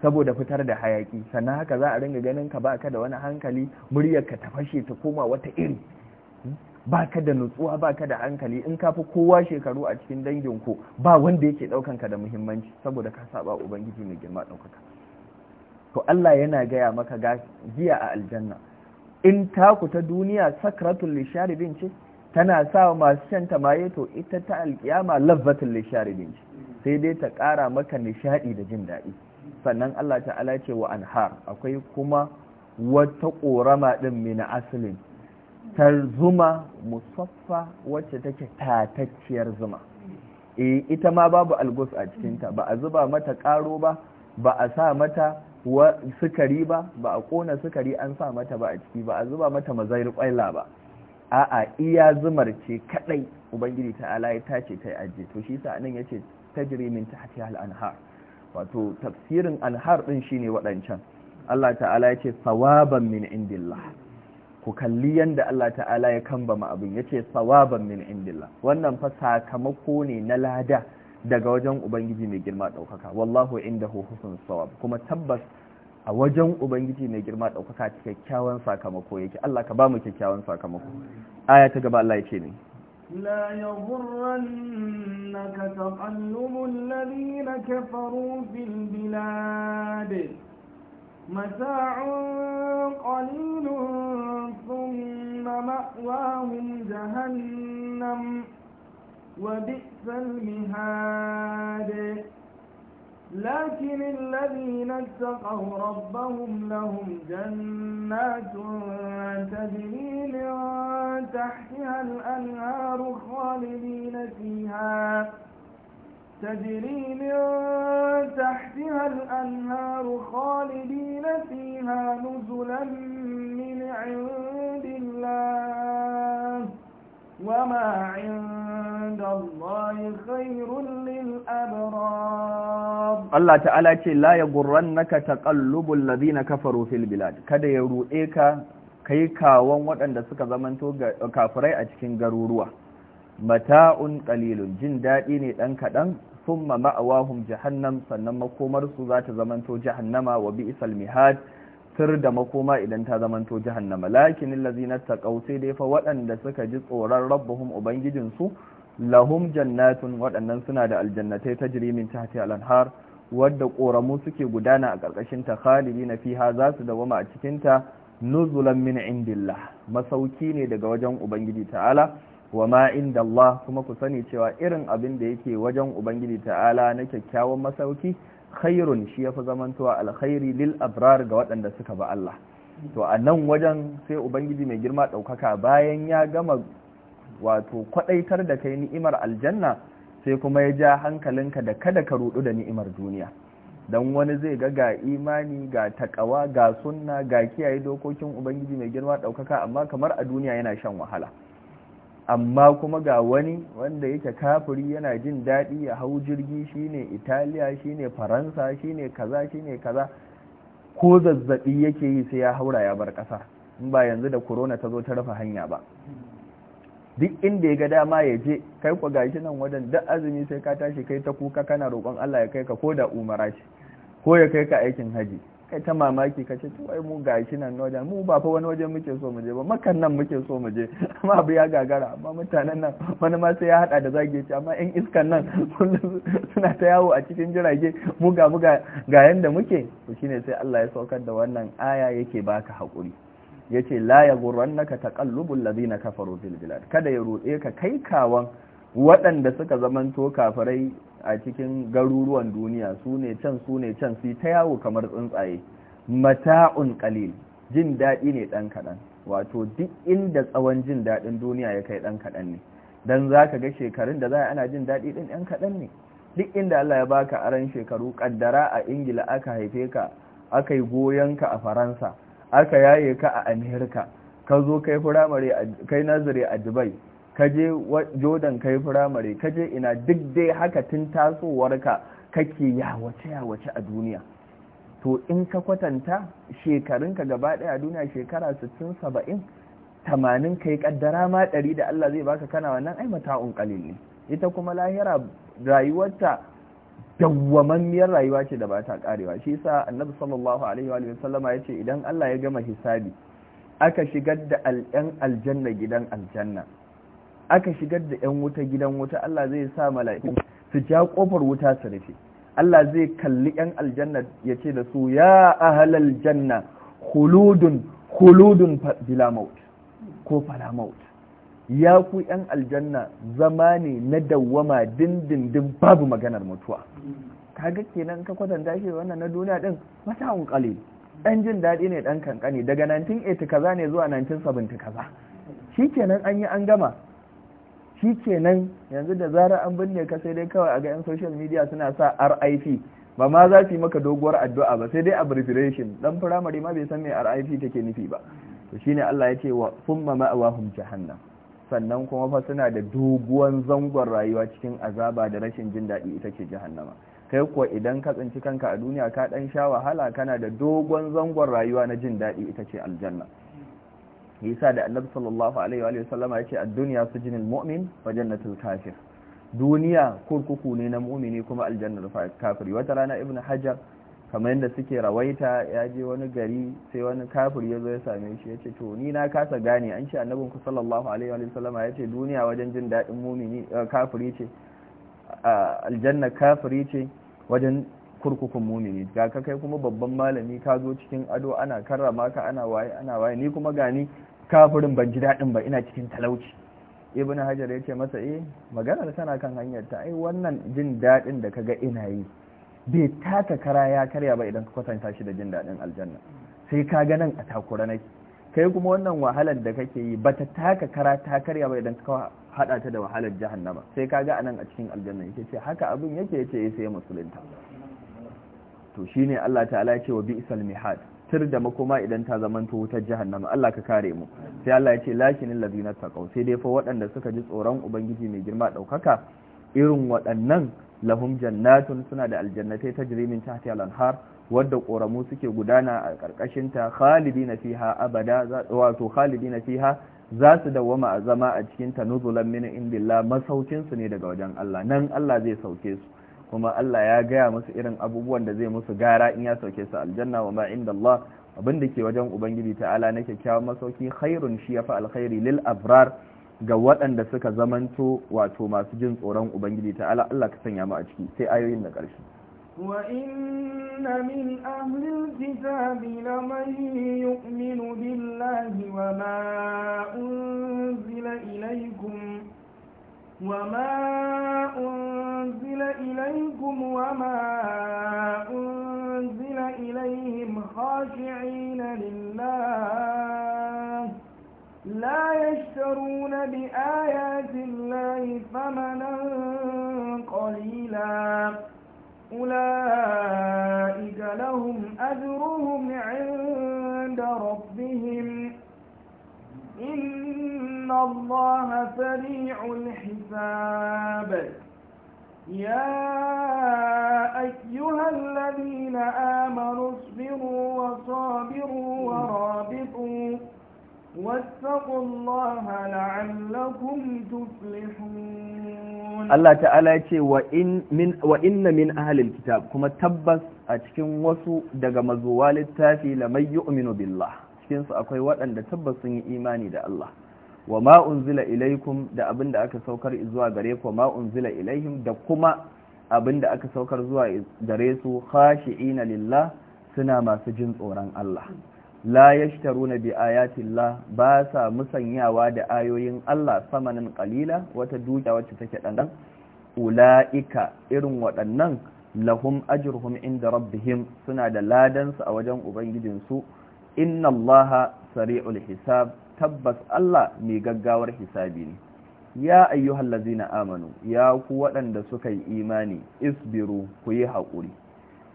saboda fitar da hayaki sannan haka za a ringa ganin ka baka da wani hankali muryarka ta fashe ta koma wata iri baka da nutsuwa baka da hankali in ka kowa shekaru a cikin dangin ku. ba wanda yake daukan ka da muhimmanci saboda ka saba ubangiji mai girma daukaka to Allah yana gaya maka giya a aljanna in taku ta duniya sakratul lisharibin ce tana sa masu shan maye to ita ta alkiyama lazzatul lisharibin ce sai dai ta kara maka nishadi da jin daɗi sannan Allah ta'ala ce wa anhar akwai kuma wata korama din min aslin ta zuma musaffa wacce take tatacciyar zuma e ita ma babu algus a cikinta ba a zuba mata karo ba ba a sa mata sukari ba ba a kona sukari an sa mata ba a ciki ba a zuba mata mazayar kwaila ba a'a iya zumar ce kadai ubangiji ta'ala ya tace ta aje to shi sa nan yace tajri min tahtiha al-anhar wato tafsirin anhar din shine waɗancan. Allah ta'ala yace sawaban min indillah ku kalli yadda Allah ta'ala ya kambama abin yace sawaban min indila wannan fa sakamako ne na lada daga wajen ubangiji mai girma daukaka wallahu inda hukusun tsawab kuma tabbas a wajen ubangiji mai girma ɗaukaka, kyakkyawan sakamako yake Allah ka ba mu kyakkyawan sakamako aya ta gaba Allah ya yace ne لا يغرنك تقلب الذين كفروا في البلاد متاع قليل ثم مأواهم جهنم وبئس المهاد لكن الذين اتقوا ربهم لهم جنات تجري من تحتها الأنهار خالدين فيها تجري من تحتها الأنهار خالدين فيها نزلا من عند الله وما عند الله خير للأبرار الله تعالى لا يغرنك تقلب الذين كفروا في البلاد كده يرؤيك kai kawon waɗanda suka zamanto kafirai a cikin garuruwa mata'un qalilun jin daɗi ne ɗan dan kadan thumma ma'awahum jahannam sannan makomarsu su za ta zamanto jahannama wa bi'sal mihad tur da makoma idan ta zamanto jahannama lakin allazina taqaw sai dai fa waɗanda suka ji tsoron rabbuhum ubangijin su lahum jannatun waɗannan suna da aljannatai tajri min tahti al-anhar wadda koramu suke gudana a ƙarƙashin ta khalidina fiha za su dawama a cikin ta nuzulan min indillah masauki ne daga wajen ubangiji ta'ala wa ma inda Allah kuma ku sani cewa irin abin da yake wajen ubangiji ta'ala na kyakkyawan masauki khairun shi ya yafi zamantowa alkhairi lil abrar ga waɗanda suka ba Allah to a nan wajen sai ubangiji mai girma ɗaukaka bayan ya gama wato kwaɗaitar da kai ni'imar aljanna sai kuma ya ja hankalinka da kada ka rudu da ni'imar duniya don wani zai ga ga imani ga takawa ga sunna ga kiyaye dokokin ubangiji mai girma ɗaukaka amma kamar a duniya yana shan wahala amma kuma ga wani wanda yake kafiri yana jin daɗi ya hau jirgi shine italiya shine faransa shine kaza shine kaza ko zazzaɓi yake yi sai ya haura ya bar ƙasa in ba yanzu da korona ta zo ta rufe hanya ba duk inda ya ga dama ya je kai ku gashi nan wajen duk azumi sai ka tashi kai ta kuka kana roƙon Allah ya kai ka ko da umara shi ko ya kai ka aikin haji kai ta mamaki ka ce tuwai mu shi nan wajen mu ba fa wani wajen muke so muje je ba makan nan muke so muje je (laughs) amma abu ya gagara amma mutanen nan wani ma sai ya hada da zage ce amma yan iskan nan suna ta yawo a cikin jirage mu ga mu ga yanda muke to shine sai Allah ya saukar da wannan aya yake baka hakuri yace la yaghurrannaka taqallubul ladina kafaru fil bilad kada ya rude ka kai kawan waɗanda suka zamanto kafirai a cikin garuruwan duniya su ne can su ne can su ta yawo kamar tsuntsaye mata'un kalil jin daɗi ne ɗan kaɗan wato duk inda tsawon jin daɗin duniya ya kai ɗan kaɗan ne don za ka ga shekarun da za a ana jin daɗi ɗin ɗan kaɗan ne duk inda Allah ya baka aran shekaru ƙaddara a ingila aka haife ka aka yi goyonka a faransa aka yaye ka a amerika ka zo kai firamare kai nazari a dubai ka je jordan kai firamare ka je ina duk dai haka tun tasowarka kake yawace yawace a duniya to in ka kwatanta shekarunka gaba daya a duniya shekara 60 70 tamanin kai kaddara ma ɗari da Allah zai baka kana wannan ai mata'un qalil ne ita kuma lahira rayuwarta dawwamammiyar rayuwa ce da ba ta karewa shi yasa annabi sallallahu alaihi wa sallama yace idan Allah ya gama hisabi aka shigar da al'an aljanna gidan aljanna aka shigar da 'yan wuta gidan wuta Allah zai sa mala'iku su ja kofar wuta su rufe Allah zai kalli 'yan aljanna ya ce da su ya ahalal janna huludun huludun bila ko ya ku 'yan aljanna zama ne na dawwama dindindin babu maganar mutuwa kaga kenan ka kwatanta shi wannan na duniya din mata'un qalil dan jin daɗi ne dan kankani daga 1980 kaza ne zuwa 1970 kaza shikenan an yi an gama shi kenan yanzu da zarar an binne ka sai dai kawai a ga 'yan social media suna sa rip ba ma za su yi maka doguwar addu'a ba sai dai abbreviation dan firamare ma bai san me rip take nufi ba to shine Allah ya ce wa summa ma'awahum jahannam sannan kuma fa suna da doguwan zangon rayuwa cikin azaba da rashin jin daɗi ita ce jahannama kai kuwa idan ka tsinci kanka a duniya ka dan sha wahala kana da dogon zangon rayuwa na jin daɗi ita ce aljanna yasa da annabi sallallahu alaihi wa sallama yace ad-dunya mu'min wa jannatul kafir duniya kurkuku ne na mu'mini kuma da kafiri wata rana ibnu hajar kamar yadda suke rawaita ya je wani gari sai wani kafiri ya zo ya same shi yace to ni na kasa gane an ce annabin ku sallallahu alaihi wa sallama ya duniya wajen jin dadin mumini eh, kafiri ce aljanna kafiri ce wajen kurkukun mumini ga ka kai kuma babban malami ka zo cikin ado ana karrama ka ana waye ana waye ni kuma gani kafirin ban ji daɗin ba ina cikin talauci ibn hajar ya ce masa eh maganar tana kan hanyar ta ai wannan jin daɗin da kaga ina yi bai taka kara ya karya ba idan ka kwatanta shi da jin daɗin aljanna sai ka ga nan a takura nake kai kuma wannan wahalar da kake yi ba ta taka kara ta karya ba idan ka haɗa ta da wahalar jahannama sai ka ga a nan a cikin aljanna yake ce haka abin yake yace eh, sai musulunta to shine Allah ta'ala ya ce wa bi'sal mihad tir da makoma idan ta to wutar jahannama Allah ka kare mu sai Allah ya ce lakinin ladina taqaw sai dai fa waɗanda suka ji tsoron ubangiji mai girma daukaka irin waɗannan lahum jannatun suna da aljannatai tajri min tahti al-anhar wadda koramu suke gudana a karkashin ta khalidina fiha abada wato khalidina fiha za su dawwama a zama a cikin ta nuzulan min indillah masaukin su ne daga wajen Allah nan Allah zai sauke su kuma Allah ya gaya musu irin abubuwan da zai musu gara in ya sauke su aljanna wa ma inda Allah abin da ke wajen ubangiji ta'ala na kyakkyawan masauki khairun shi yafi alkhairi lil abrar ga waɗanda suka zamanto wato masu jin tsoron ubangiji ta'ala Allah ka sanya mu a ciki sai ayoyin da ƙarshe وإن من أهل الكتاب لمن يؤمن بالله وما أنزل إليكم وما أنزل إليكم وما أنزل إليهم خاشعين لله لا يشترون بآيات الله ثمنا قليلا أولئك لهم أجرهم عند ربهم إن إن الله سريع الحساب يا أيها الذين آمنوا اصبروا وصابروا ورابطوا واتقوا الله لعلكم تفلحون الله تعالى يقول وإن من, وإن من أهل الكتاب كما تبس أتكن وسو دقم زوال التافي لمن يؤمن بالله cikinsu akwai waɗanda tabbas sun yi imani da Allah wa ma'unzila ilaikum da abin da aka saukar zuwa gare ku ma unzila ilaihim da kuma abin da aka saukar zuwa gare su khashi'ina lillah suna masu jin tsoron Allah la yashtaruna bi ayatillah ba sa musanyawa da ayoyin Allah samanin ƙalila wata duka wacce take dan ulaika irin waɗannan lahum ajruhum inda rabbihim suna da ladansu a wajen ubangijinsu inna allaha sari'ul hisab tabbas Allah mai gaggawar hisabi ne ya ayyuhal ladzina amanu ya ku waɗanda suka yi imani isbiru ku yi haƙuri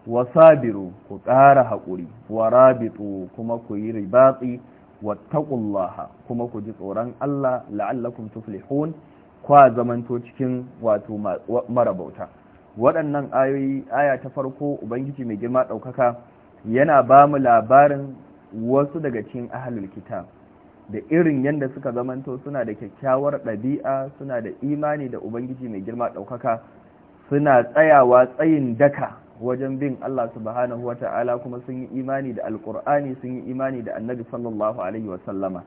wasabiru ku ƙara haƙuri warabitu kuma ku yi ribatsi wattaqullaha kuma ku ji tsoron Allah la'allakum tuflihun kwa zamanto cikin wato marabauta waɗannan ayoyi aya ta farko ubangiji mai girma ɗaukaka yana ba mu labarin wasu daga cikin ahlul kitab da irin yadda suka zamanto suna da kyakkyawar ɗabi'a suna da imani da ubangiji mai girma ɗaukaka suna tsayawa tsayin daka wajen bin Allah subhanahu wa ta'ala kuma sun yi imani da alkur'ani sun yi imani da annabi sallallahu alaihi wasallama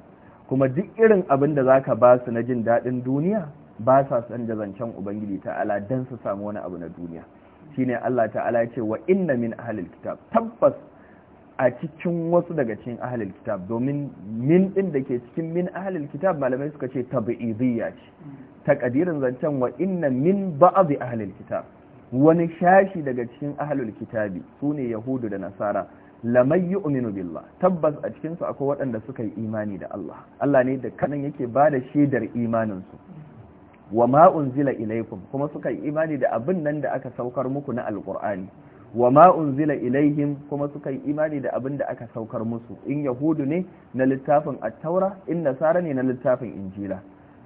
kuma duk irin abin da za ka ba su na jin daɗin duniya ba sa san da zancen ubangiji ta'ala don su samu wani abu na duniya shine Allah ta'ala ya ce wa inna min ahlil kitab tabbas a cikin wasu daga cikin ahalil kitab domin min din da ke cikin min ahalil kitab malamai suka ce tabi'idiyya ce ta kadirin zancen wa inna min ba'dhi ahalil kitab wani shashi daga cikin ahalul kitabi ne yahudu da nasara lamai uminu billah tabbas a cikin su akwai waɗanda suka yi imani da Allah Allah ne da kanan yake bada shaidar imanin su wa ma unzila ilaikum kuma suka yi imani da abin nan da aka saukar muku na Alkur'ani. wa ma unzila ilaihim kuma suka yi imani da abin da aka saukar musu in yahudu ne na littafin attaura in nasara ne na littafin injila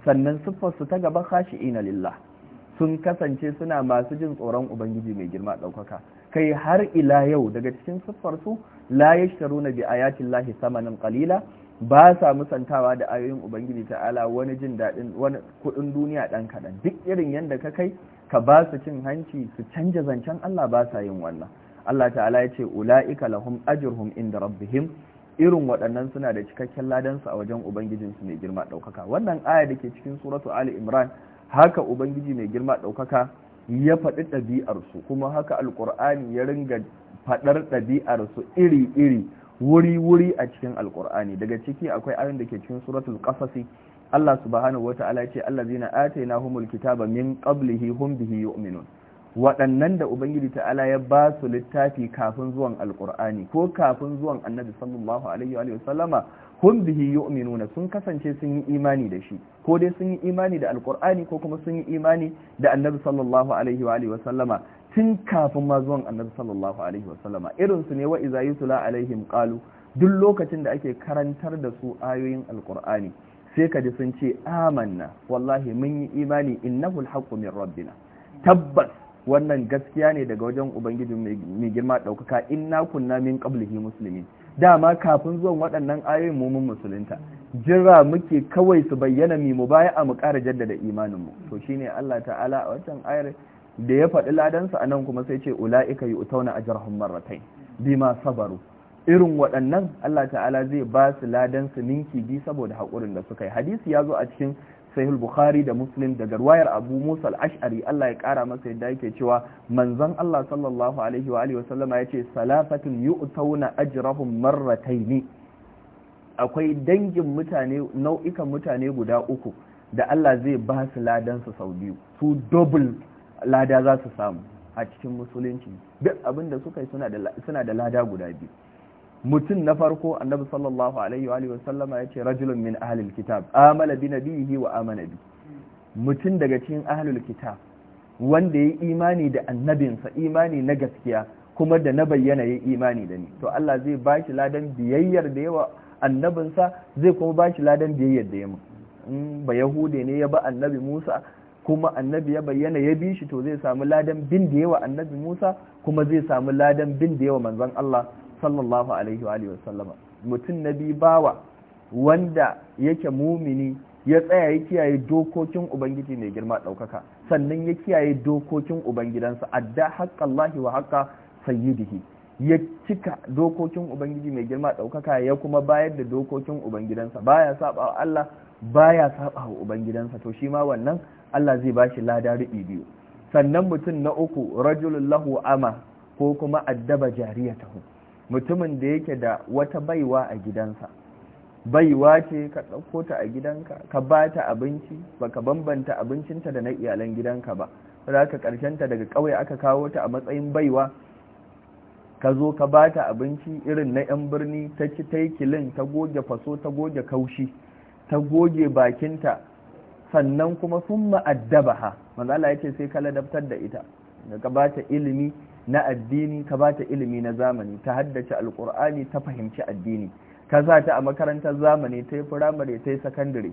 sannan siffarsu ta gaba khashi'ina lillah sun kasance suna masu jin tsoron ubangiji mai girma ɗaukaka kai har ila yau daga cikin siffarsu la yashtaruna bi ayatin lahi samanin qalila ba sa musantawa da ayoyin ubangiji ta'ala wani jin daɗin wani kuɗin duniya ɗan kaɗan duk irin yadda ka kai ka ba su cin hanci su canja zancen Allah ba sa yin wannan Allah ta'ala ya ce ula'ika lahum ajruhum inda rabbihim irin waɗannan suna da cikakken ladansu a wajen ubangijinsu mai girma ɗaukaka wannan aya da ke cikin suratu ali imran haka ubangiji mai girma ɗaukaka ya faɗi su kuma haka alqur'ani ya ringa faɗar su iri-iri wuri-wuri a cikin alqur'ani daga ciki akwai ayin da ke cikin suratul ƙasasi Allah subhanahu wata'ala ce allazina atainahumul kitaba min qablihi hum bihi yu'minun waɗannan da ubangiji ta'ala ya ba su littafi kafin zuwan alkur'ani ko kafin zuwan annabi sallallahu alaihi wa sallama hum bihi sun kasance sun yi imani da shi ko dai sun yi imani da alkur'ani ko kuma sun yi imani da annabi sallallahu alaihi wa sallama tun kafin ma zuwan annabi sallallahu alaihi wa sallama irin su ne wa iza yutla alaihim qalu duk lokacin da ake karantar da su ayoyin alkur'ani sai ka ji sun ce amanna wallahi mun yi imani innahu alhaqqu min rabbina tabbas wannan gaskiya ne daga wajen ubangiji mai girma daukaka inna kunna min qablihi muslimin dama kafin zuwan waɗannan ayoyin mu mun musulunta jira muke kawai su bayyana mi a mu kara jaddada imanin mu to shine Allah ta'ala a wancan ayar da ya faɗi ladansa anan kuma sai ce ula'ika yu'tawna ajrahum marratayn bima sabaru irin waɗannan Allah ta'ala zai ba su ladan su ninki bi saboda haƙurin da suka yi hadisi ya zo a cikin sahih bukhari da muslim daga ruwayar abu musa al-ash'ari Allah ya kara masa yadda yake cewa manzon Allah sallallahu alaihi wa alihi wasallama yace salafatun yu'tawna ajrahum marratayn akwai dangin mutane nau'ikan mutane guda uku da Allah zai ba su ladan su sau biyu su double lada za su samu a cikin musulunci duk abinda suka yi suna da lada guda biyu mutum na farko annabi sallallahu alaihi wa sallama ya ce rajulun min ahlul kitab amala bi nabihi wa amana bi mutum daga cikin ahlul kitab wanda ya imani da annabinsa imani na gaskiya kuma da na bayyana ya imani da ni to Allah zai ba shi ladan biyayyar da yawa annabinsa zai kuma ba shi ladan biyayyar da yawa in ba yahude ne ya ba annabi Musa kuma annabi ya bayyana ya bi shi to zai samu ladan bin da yawa annabi Musa kuma zai samu ladan bin da yawa manzon Allah sallallahu alaihi wa sallama mutum na biyu bawa wanda yake mumini ya tsaya ya kiyaye dokokin ubangiji mai girma ɗaukaka sannan ya kiyaye dokokin ubangidansa adda haƙƙallahi wa haƙƙa sayyidihi ya cika dokokin ubangiji mai girma ɗaukaka ya kuma bayar da dokokin ubangidansa baya saba Allah baya saba ubangidansa to shi ma wannan Allah zai bashi lada ribi biyu sannan mutum na uku rajulun lahu ama ko kuma addaba jariyatahu mutumin da yake da wata baiwa a gidansa baiwa ce ka ɗauko ta a gidanka ka ba ta abinci ka bambanta abincinta da na iyalan gidanka ba za ka ta daga ƙauye aka kawo ta a matsayin baiwa ka zo ka ba ta abinci irin na 'yan birni ta ci ta yi kilin ta goge faso ta goge kaushi ta goge bakinta sannan kuma sun ma'addaba ha manzala ya ce sai ka ladabtar da ita da ka ba ta ilimi na addini ka ba ta ilimi na zamani ta haddace alkur'ani ta fahimci addini ka za ta a makarantar zamani ta yi firamare ta yi sakandare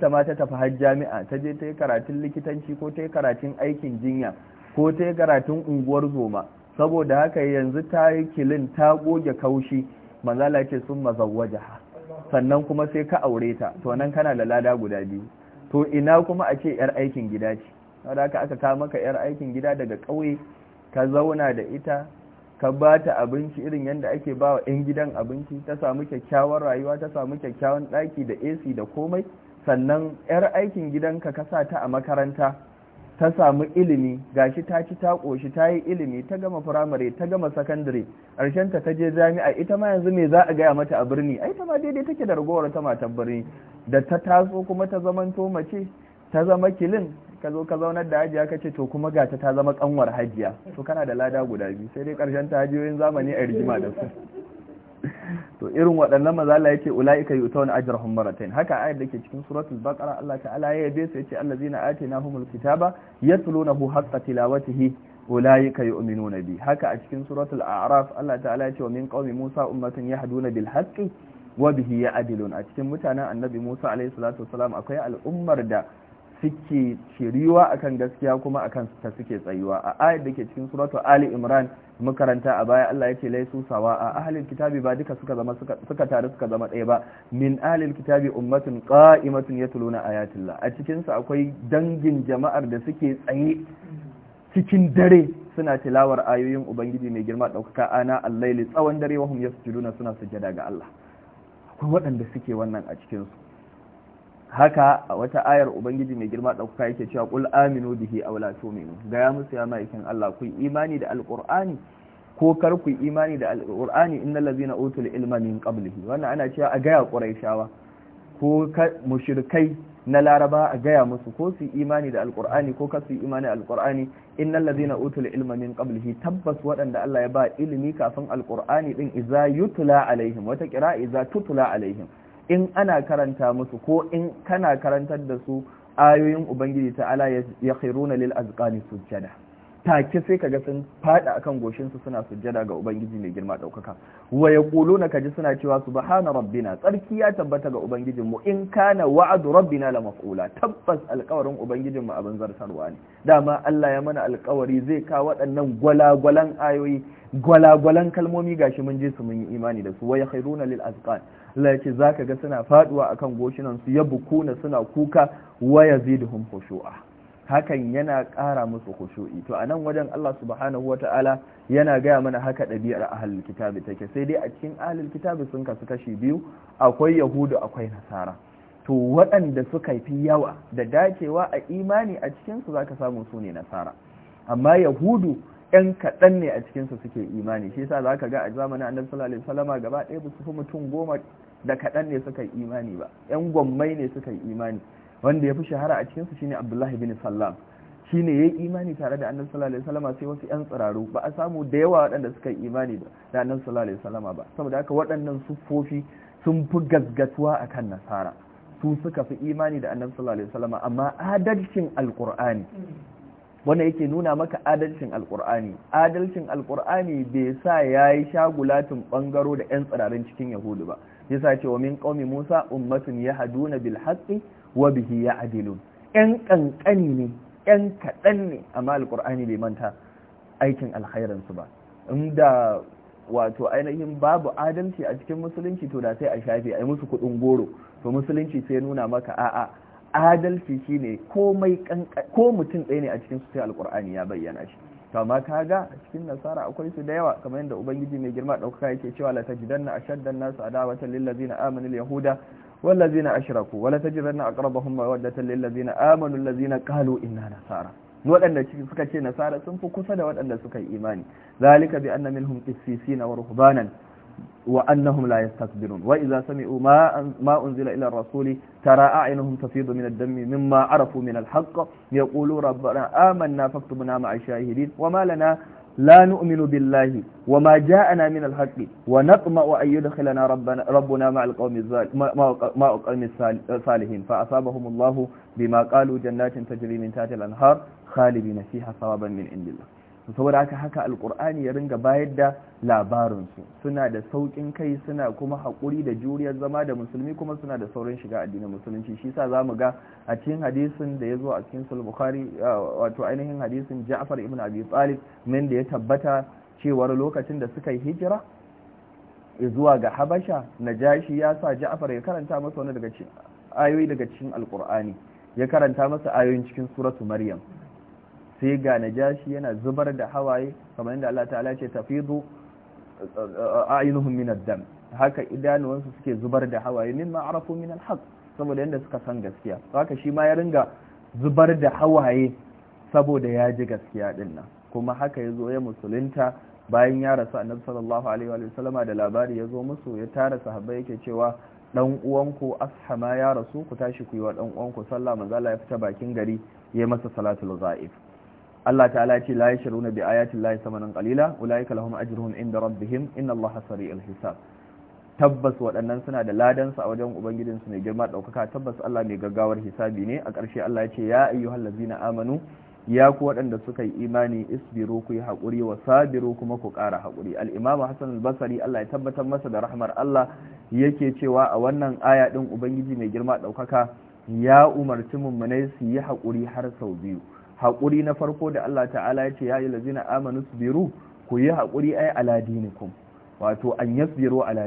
ta ma ta tafi har jami'a ta je ta yi karatun likitanci ko ta yi karatun aikin jinya ko ta yi karatun unguwar zoma saboda haka yanzu ta yi kilin ta goge kaushi manzala ce sun mazawwaja sannan kuma sai ka aure ta to nan kana da lada guda biyu to ina kuma a ce yar aikin gida ce saboda haka aka kawo maka yar aikin gida daga ƙauye ka zauna da ita ka ba ta abinci irin yadda ake ba wa 'yan gidan abinci ta samu kyakkyawar rayuwa ta samu kyakkyawan ɗaki da ac da komai sannan 'yar aikin gidanka ka sa ta a makaranta ta samu ilimi ga shi ta ci ta ƙoshi ta yi ilimi ta gama firamare ta gama sakandare ta ta je jami'a ita ma yanzu me za a gaya mata a birni ai ta ma daidai take da ragowar ta matan birni da ta taso kuma ta zamanto mace ta zama kilin ka zo ka zaunar da hajiya ka ce to kuma gata ta zama kanwar hajiya to kana da lada guda biyu sai dai karshen ta hajiyoyin zamani a rigima da su to irin waɗannan mazala yake ulaika yu'tawna ajrahum marratayn haka da ke cikin suratul bakara Allah ta'ala ya yabe su yace allazina atainahumul kitaba yatlunahu haqqa tilawatihi ulaika na bi haka a cikin suratul a'raf Allah ta'ala ya ce wa min qaumi musa ummatun yahduna bil haqqi wa bihi ya'dilun a cikin mutanen annabi Musa alaihi salatu wasalam akwai al'ummar da suke a akan gaskiya kuma akan ta suke tsayuwa a ayat da ke cikin suratu ali imran makaranta a baya Allah yace laisu sawa a ahlul kitabi ba duka suka zama suka tare suka zama ɗaya ba min ahlul kitabi ummatun qa'imatun yatluna ayatillah a cikin akwai dangin jama'ar da suke tsaye cikin dare suna tilawar ayoyin ubangiji mai girma daukaka ana allaili tsawon dare wahum yasjuduna suna sujada ga Allah akwai waɗanda suke wannan a cikinsu. haka a wata ayar ubangiji mai girma ɗauka yake cewa ƙul aminu bihi aw la tu'minu gaya musu ya ma'aikin Allah ku imani da alqur'ani ko kar ku imani da alqur'ani innal ladzina utul ilma min qablihi wannan ana cewa a gaya quraishawa ko mushrikai na laraba a gaya musu ko su imani da alqur'ani ko kar su imani da alqur'ani innal ladzina utul ilma min qablihi tabbas waɗanda Allah ya ba ilimi kafin alqur'ani ɗin iza yutla alaihim wata qira'a iza tutla alaihim in ana karanta musu ko in kana karantar da su ayoyin ubangiji ta ta'ala ya na lil azqani sujjada take sai kaga sun fada akan goshin su suna sujjada ga ubangiji mai girma daukaka wa ya na kaji suna cewa subhana rabbina tsarki ya tabbata ga ubangijin mu in kana wa'adu rabbina la maf'ula tabbas alkawarin ubangijin mu abin zartarwa ne dama Allah ya mana alkawari zai ka waɗannan gwalagwalan ayoyi gwalagwalan kalmomi gashi mun je su mun yi imani da su wa ya yakhruna lil azqan laki za zaka ga suna faduwa akan goshinan su ya bukuna suna kuka waya yaziduhum kusho'a. hakan yana ƙara musu kusho'i to a nan wajen Allah subhanahu wa ta'ala yana gaya mana haka ɗabi'ar halin kitabi take sai dai a cikin ahalin kitabi sun kasu kashi biyu akwai yahudu akwai nasara to waɗanda suka fi yawa da dacewa a imani a cikinsu za ka samu su ne nasara amma yahudu 'yan kaɗan ne a cikinsu suke imani shi yasa za ka ga a zamanin annabi sallallahu alaihi wasallama gaba ɗaya ba su fi mutum goma da kaɗan ne suka yi imani ba 'yan gwammai ne suka yi imani wanda ya fi shahara a cikinsu shine abdullahi bin sallam ya yi imani tare da annabi sallallahu alaihi wasallama sai wasu 'yan tsiraru ba a samu da yawa waɗanda suka yi imani da annabi sallallahu alaihi wasallama ba saboda haka waɗannan siffofi sun fi gazgatuwa akan nasara su suka fi imani da annabi sallallahu alaihi wasallama amma adalcin alqur'ani wannan yake nuna maka adalcin alkur'ani adalcin alkur'ani bai sa ya yi shagulatin bangaro da yan tsirarin cikin yahudu ba yasa cewa min kaumi musa ummatun yahduna bil haqqi wa bihi adilun? yan kankani ne yan kadan ne amma alkur'ani bai manta aikin alkhairin ba inda wato ainihin babu adalci a cikin musulunci to da sai a shafe yi musu kuɗin goro to musulunci sai nuna maka a'a adalci shine komai ko mutum ɗaya ne a cikin su sai alkur'ani ya bayyana shi kama kaga a cikin nasara akwai su da yawa kamar yadda ubangiji mai girma ɗaukaka yake cewa la tajidanna ashaddan nasu adawatan lil ladzina amanu al yahuda wal ladzina ashraku wa la tajidanna aqrabahum mawaddatan lil ladzina amanu al ladzina qalu inna nasara waɗanda suka ce nasara sun fi kusa da waɗanda suka yi imani zalika bi anna minhum qissisina wa ruhbanan وأنهم لا يستكبرون وإذا سمعوا ما, ما أنزل إلى الرسول ترى أعينهم تفيض من الدم مما عرفوا من الحق يقولوا ربنا آمنا فاكتبنا مع الشاهدين وما لنا لا نؤمن بالله وما جاءنا من الحق ونطمع أن يدخلنا ربنا, ربنا مع القوم مع القوم الصالحين فأصابهم الله بما قالوا جنات تجري من تحت الأنهار خالدين فيها ثوابا من عند الله saboda haka haka alkur'ani ya ringa bayar da labarinsu suna da saukin kai suna kuma haƙuri da juriyar zama da musulmi kuma suna da saurin shiga addinin musulunci shi sa zamu ga a cikin hadisin da ya zo a cikin sul bukhari wato ainihin hadisin ja'far ibn abi talib min da ya tabbata cewa lokacin da suka yi hijira zuwa ga habasha najashi ya sa ja'far ya karanta masa wani daga cikin ayoyi daga cikin alkur'ani ya karanta masa ayoyin cikin suratu maryam sai ga najashi yana zubar da hawaye kamar yadda Allah ta'ala ce tafidu a'inuhum min ad-dam haka idanuwansu suke zubar da hawaye min ma'arafu min al-haq saboda yadda suka san gaskiya haka shi ma ya ringa zubar da hawaye saboda ya ji gaskiya din kuma haka yazo ya musulunta bayan ya rasu annabi sallallahu alaihi wa sallama da labari yazo musu ya tara sahabbai yake cewa dan uwanku ashama ya rasu ku tashi ku yi wa dan uwanku sallah manzo Allah ya fita bakin gari ya masa salatul za'if Allah ta'ala ce la yashruna bi ayati llahi samanan qalila ulaika lahum ajruhum inda rabbihim inna allaha sari'ul hisab tabbas waɗannan suna da ladan su a wajen ubangijin su mai girma ɗaukaka tabbas Allah mai gaggawar hisabi ne a ƙarshe Allah ya ce ya ayyuhal na amanu ya ku waɗanda suka yi imani isbiru ku yi haƙuri wa sabiru kuma ku ƙara haƙuri al'imamu hassan albasari allah ya tabbatar masa da rahmar allah yake cewa a wannan aya ɗin ubangiji mai girma ɗaukaka ya umarci mummunai su yi haƙuri har sau biyu haƙuri na farko da Allah ta'ala ya ce ya yi lazina amanu biru ku yi haƙuri ai aladinikum wato an yasbiru ala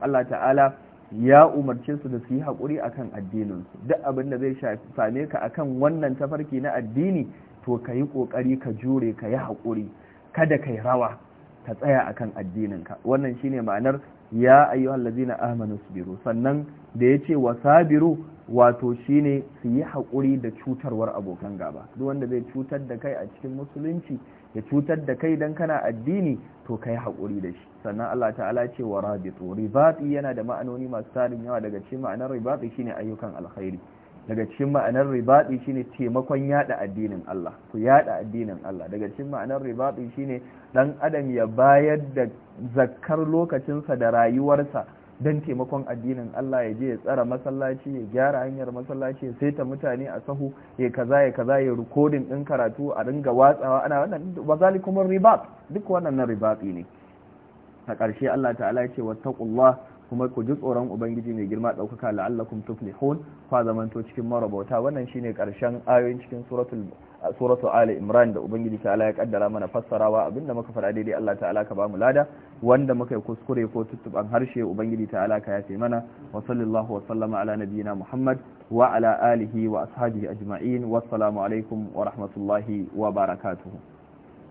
Allah ta'ala ya umarce su da su yi haƙuri akan addininsu duk abin da zai same ka akan wannan tafarki na addini to ka yi ƙoƙari ka jure ka yi haƙuri kada ka yi rawa ta tsaya akan addininka wannan shine ma'anar ya ayyuhal ladzina amanu biro sannan da ya yace sabiru wato shine su yi haƙuri da cutarwar abokan gaba duk wanda zai cutar da kai a cikin musulunci ya cutar da kai dan kana addini to kai haƙuri da shi sannan Allah ta'ala ce wa rabitu ribati yana da ma'anoni masu tarin yawa daga cikin ma'anar shi shine ayyukan alkhairi daga cikin ma'anar ribaɗi ne taimakon yaɗa addinin Allah ku yaɗa addinin Allah daga cikin ma'anar ribaɗi ne ɗan adam ya bayar da zakkar lokacinsa da rayuwarsa don taimakon addinin Allah ya je ya tsara masallaci ya gyara hanyar masallaci ya saita mutane a sahu ya kaza ya kaza ya rikodin ɗin karatu a ringa watsawa ana wannan ba kuma ribaɗi duk wannan ribaɗi ne a ƙarshe Allah ta'ala ya ce wattaqullah kuma ku ji tsoron ubangiji mai girma ɗaukaka la'allakum tuflihun fa zamanto cikin marabauta wannan shine karshen ayoyin cikin suratul suratu ali imran da ubangiji ala ya kaddara mana fassarawa abinda muka fara daidai Allah ta'ala ka bamu lada wanda muka yi kuskure ko tuttuban harshe ubangiji ta'ala ka yafe mana wa sallallahu wa sallama ala nabiyyina muhammad wa ala alihi wa ashabihi ajma'in wassalamu alaikum wa rahmatullahi wa barakatuhu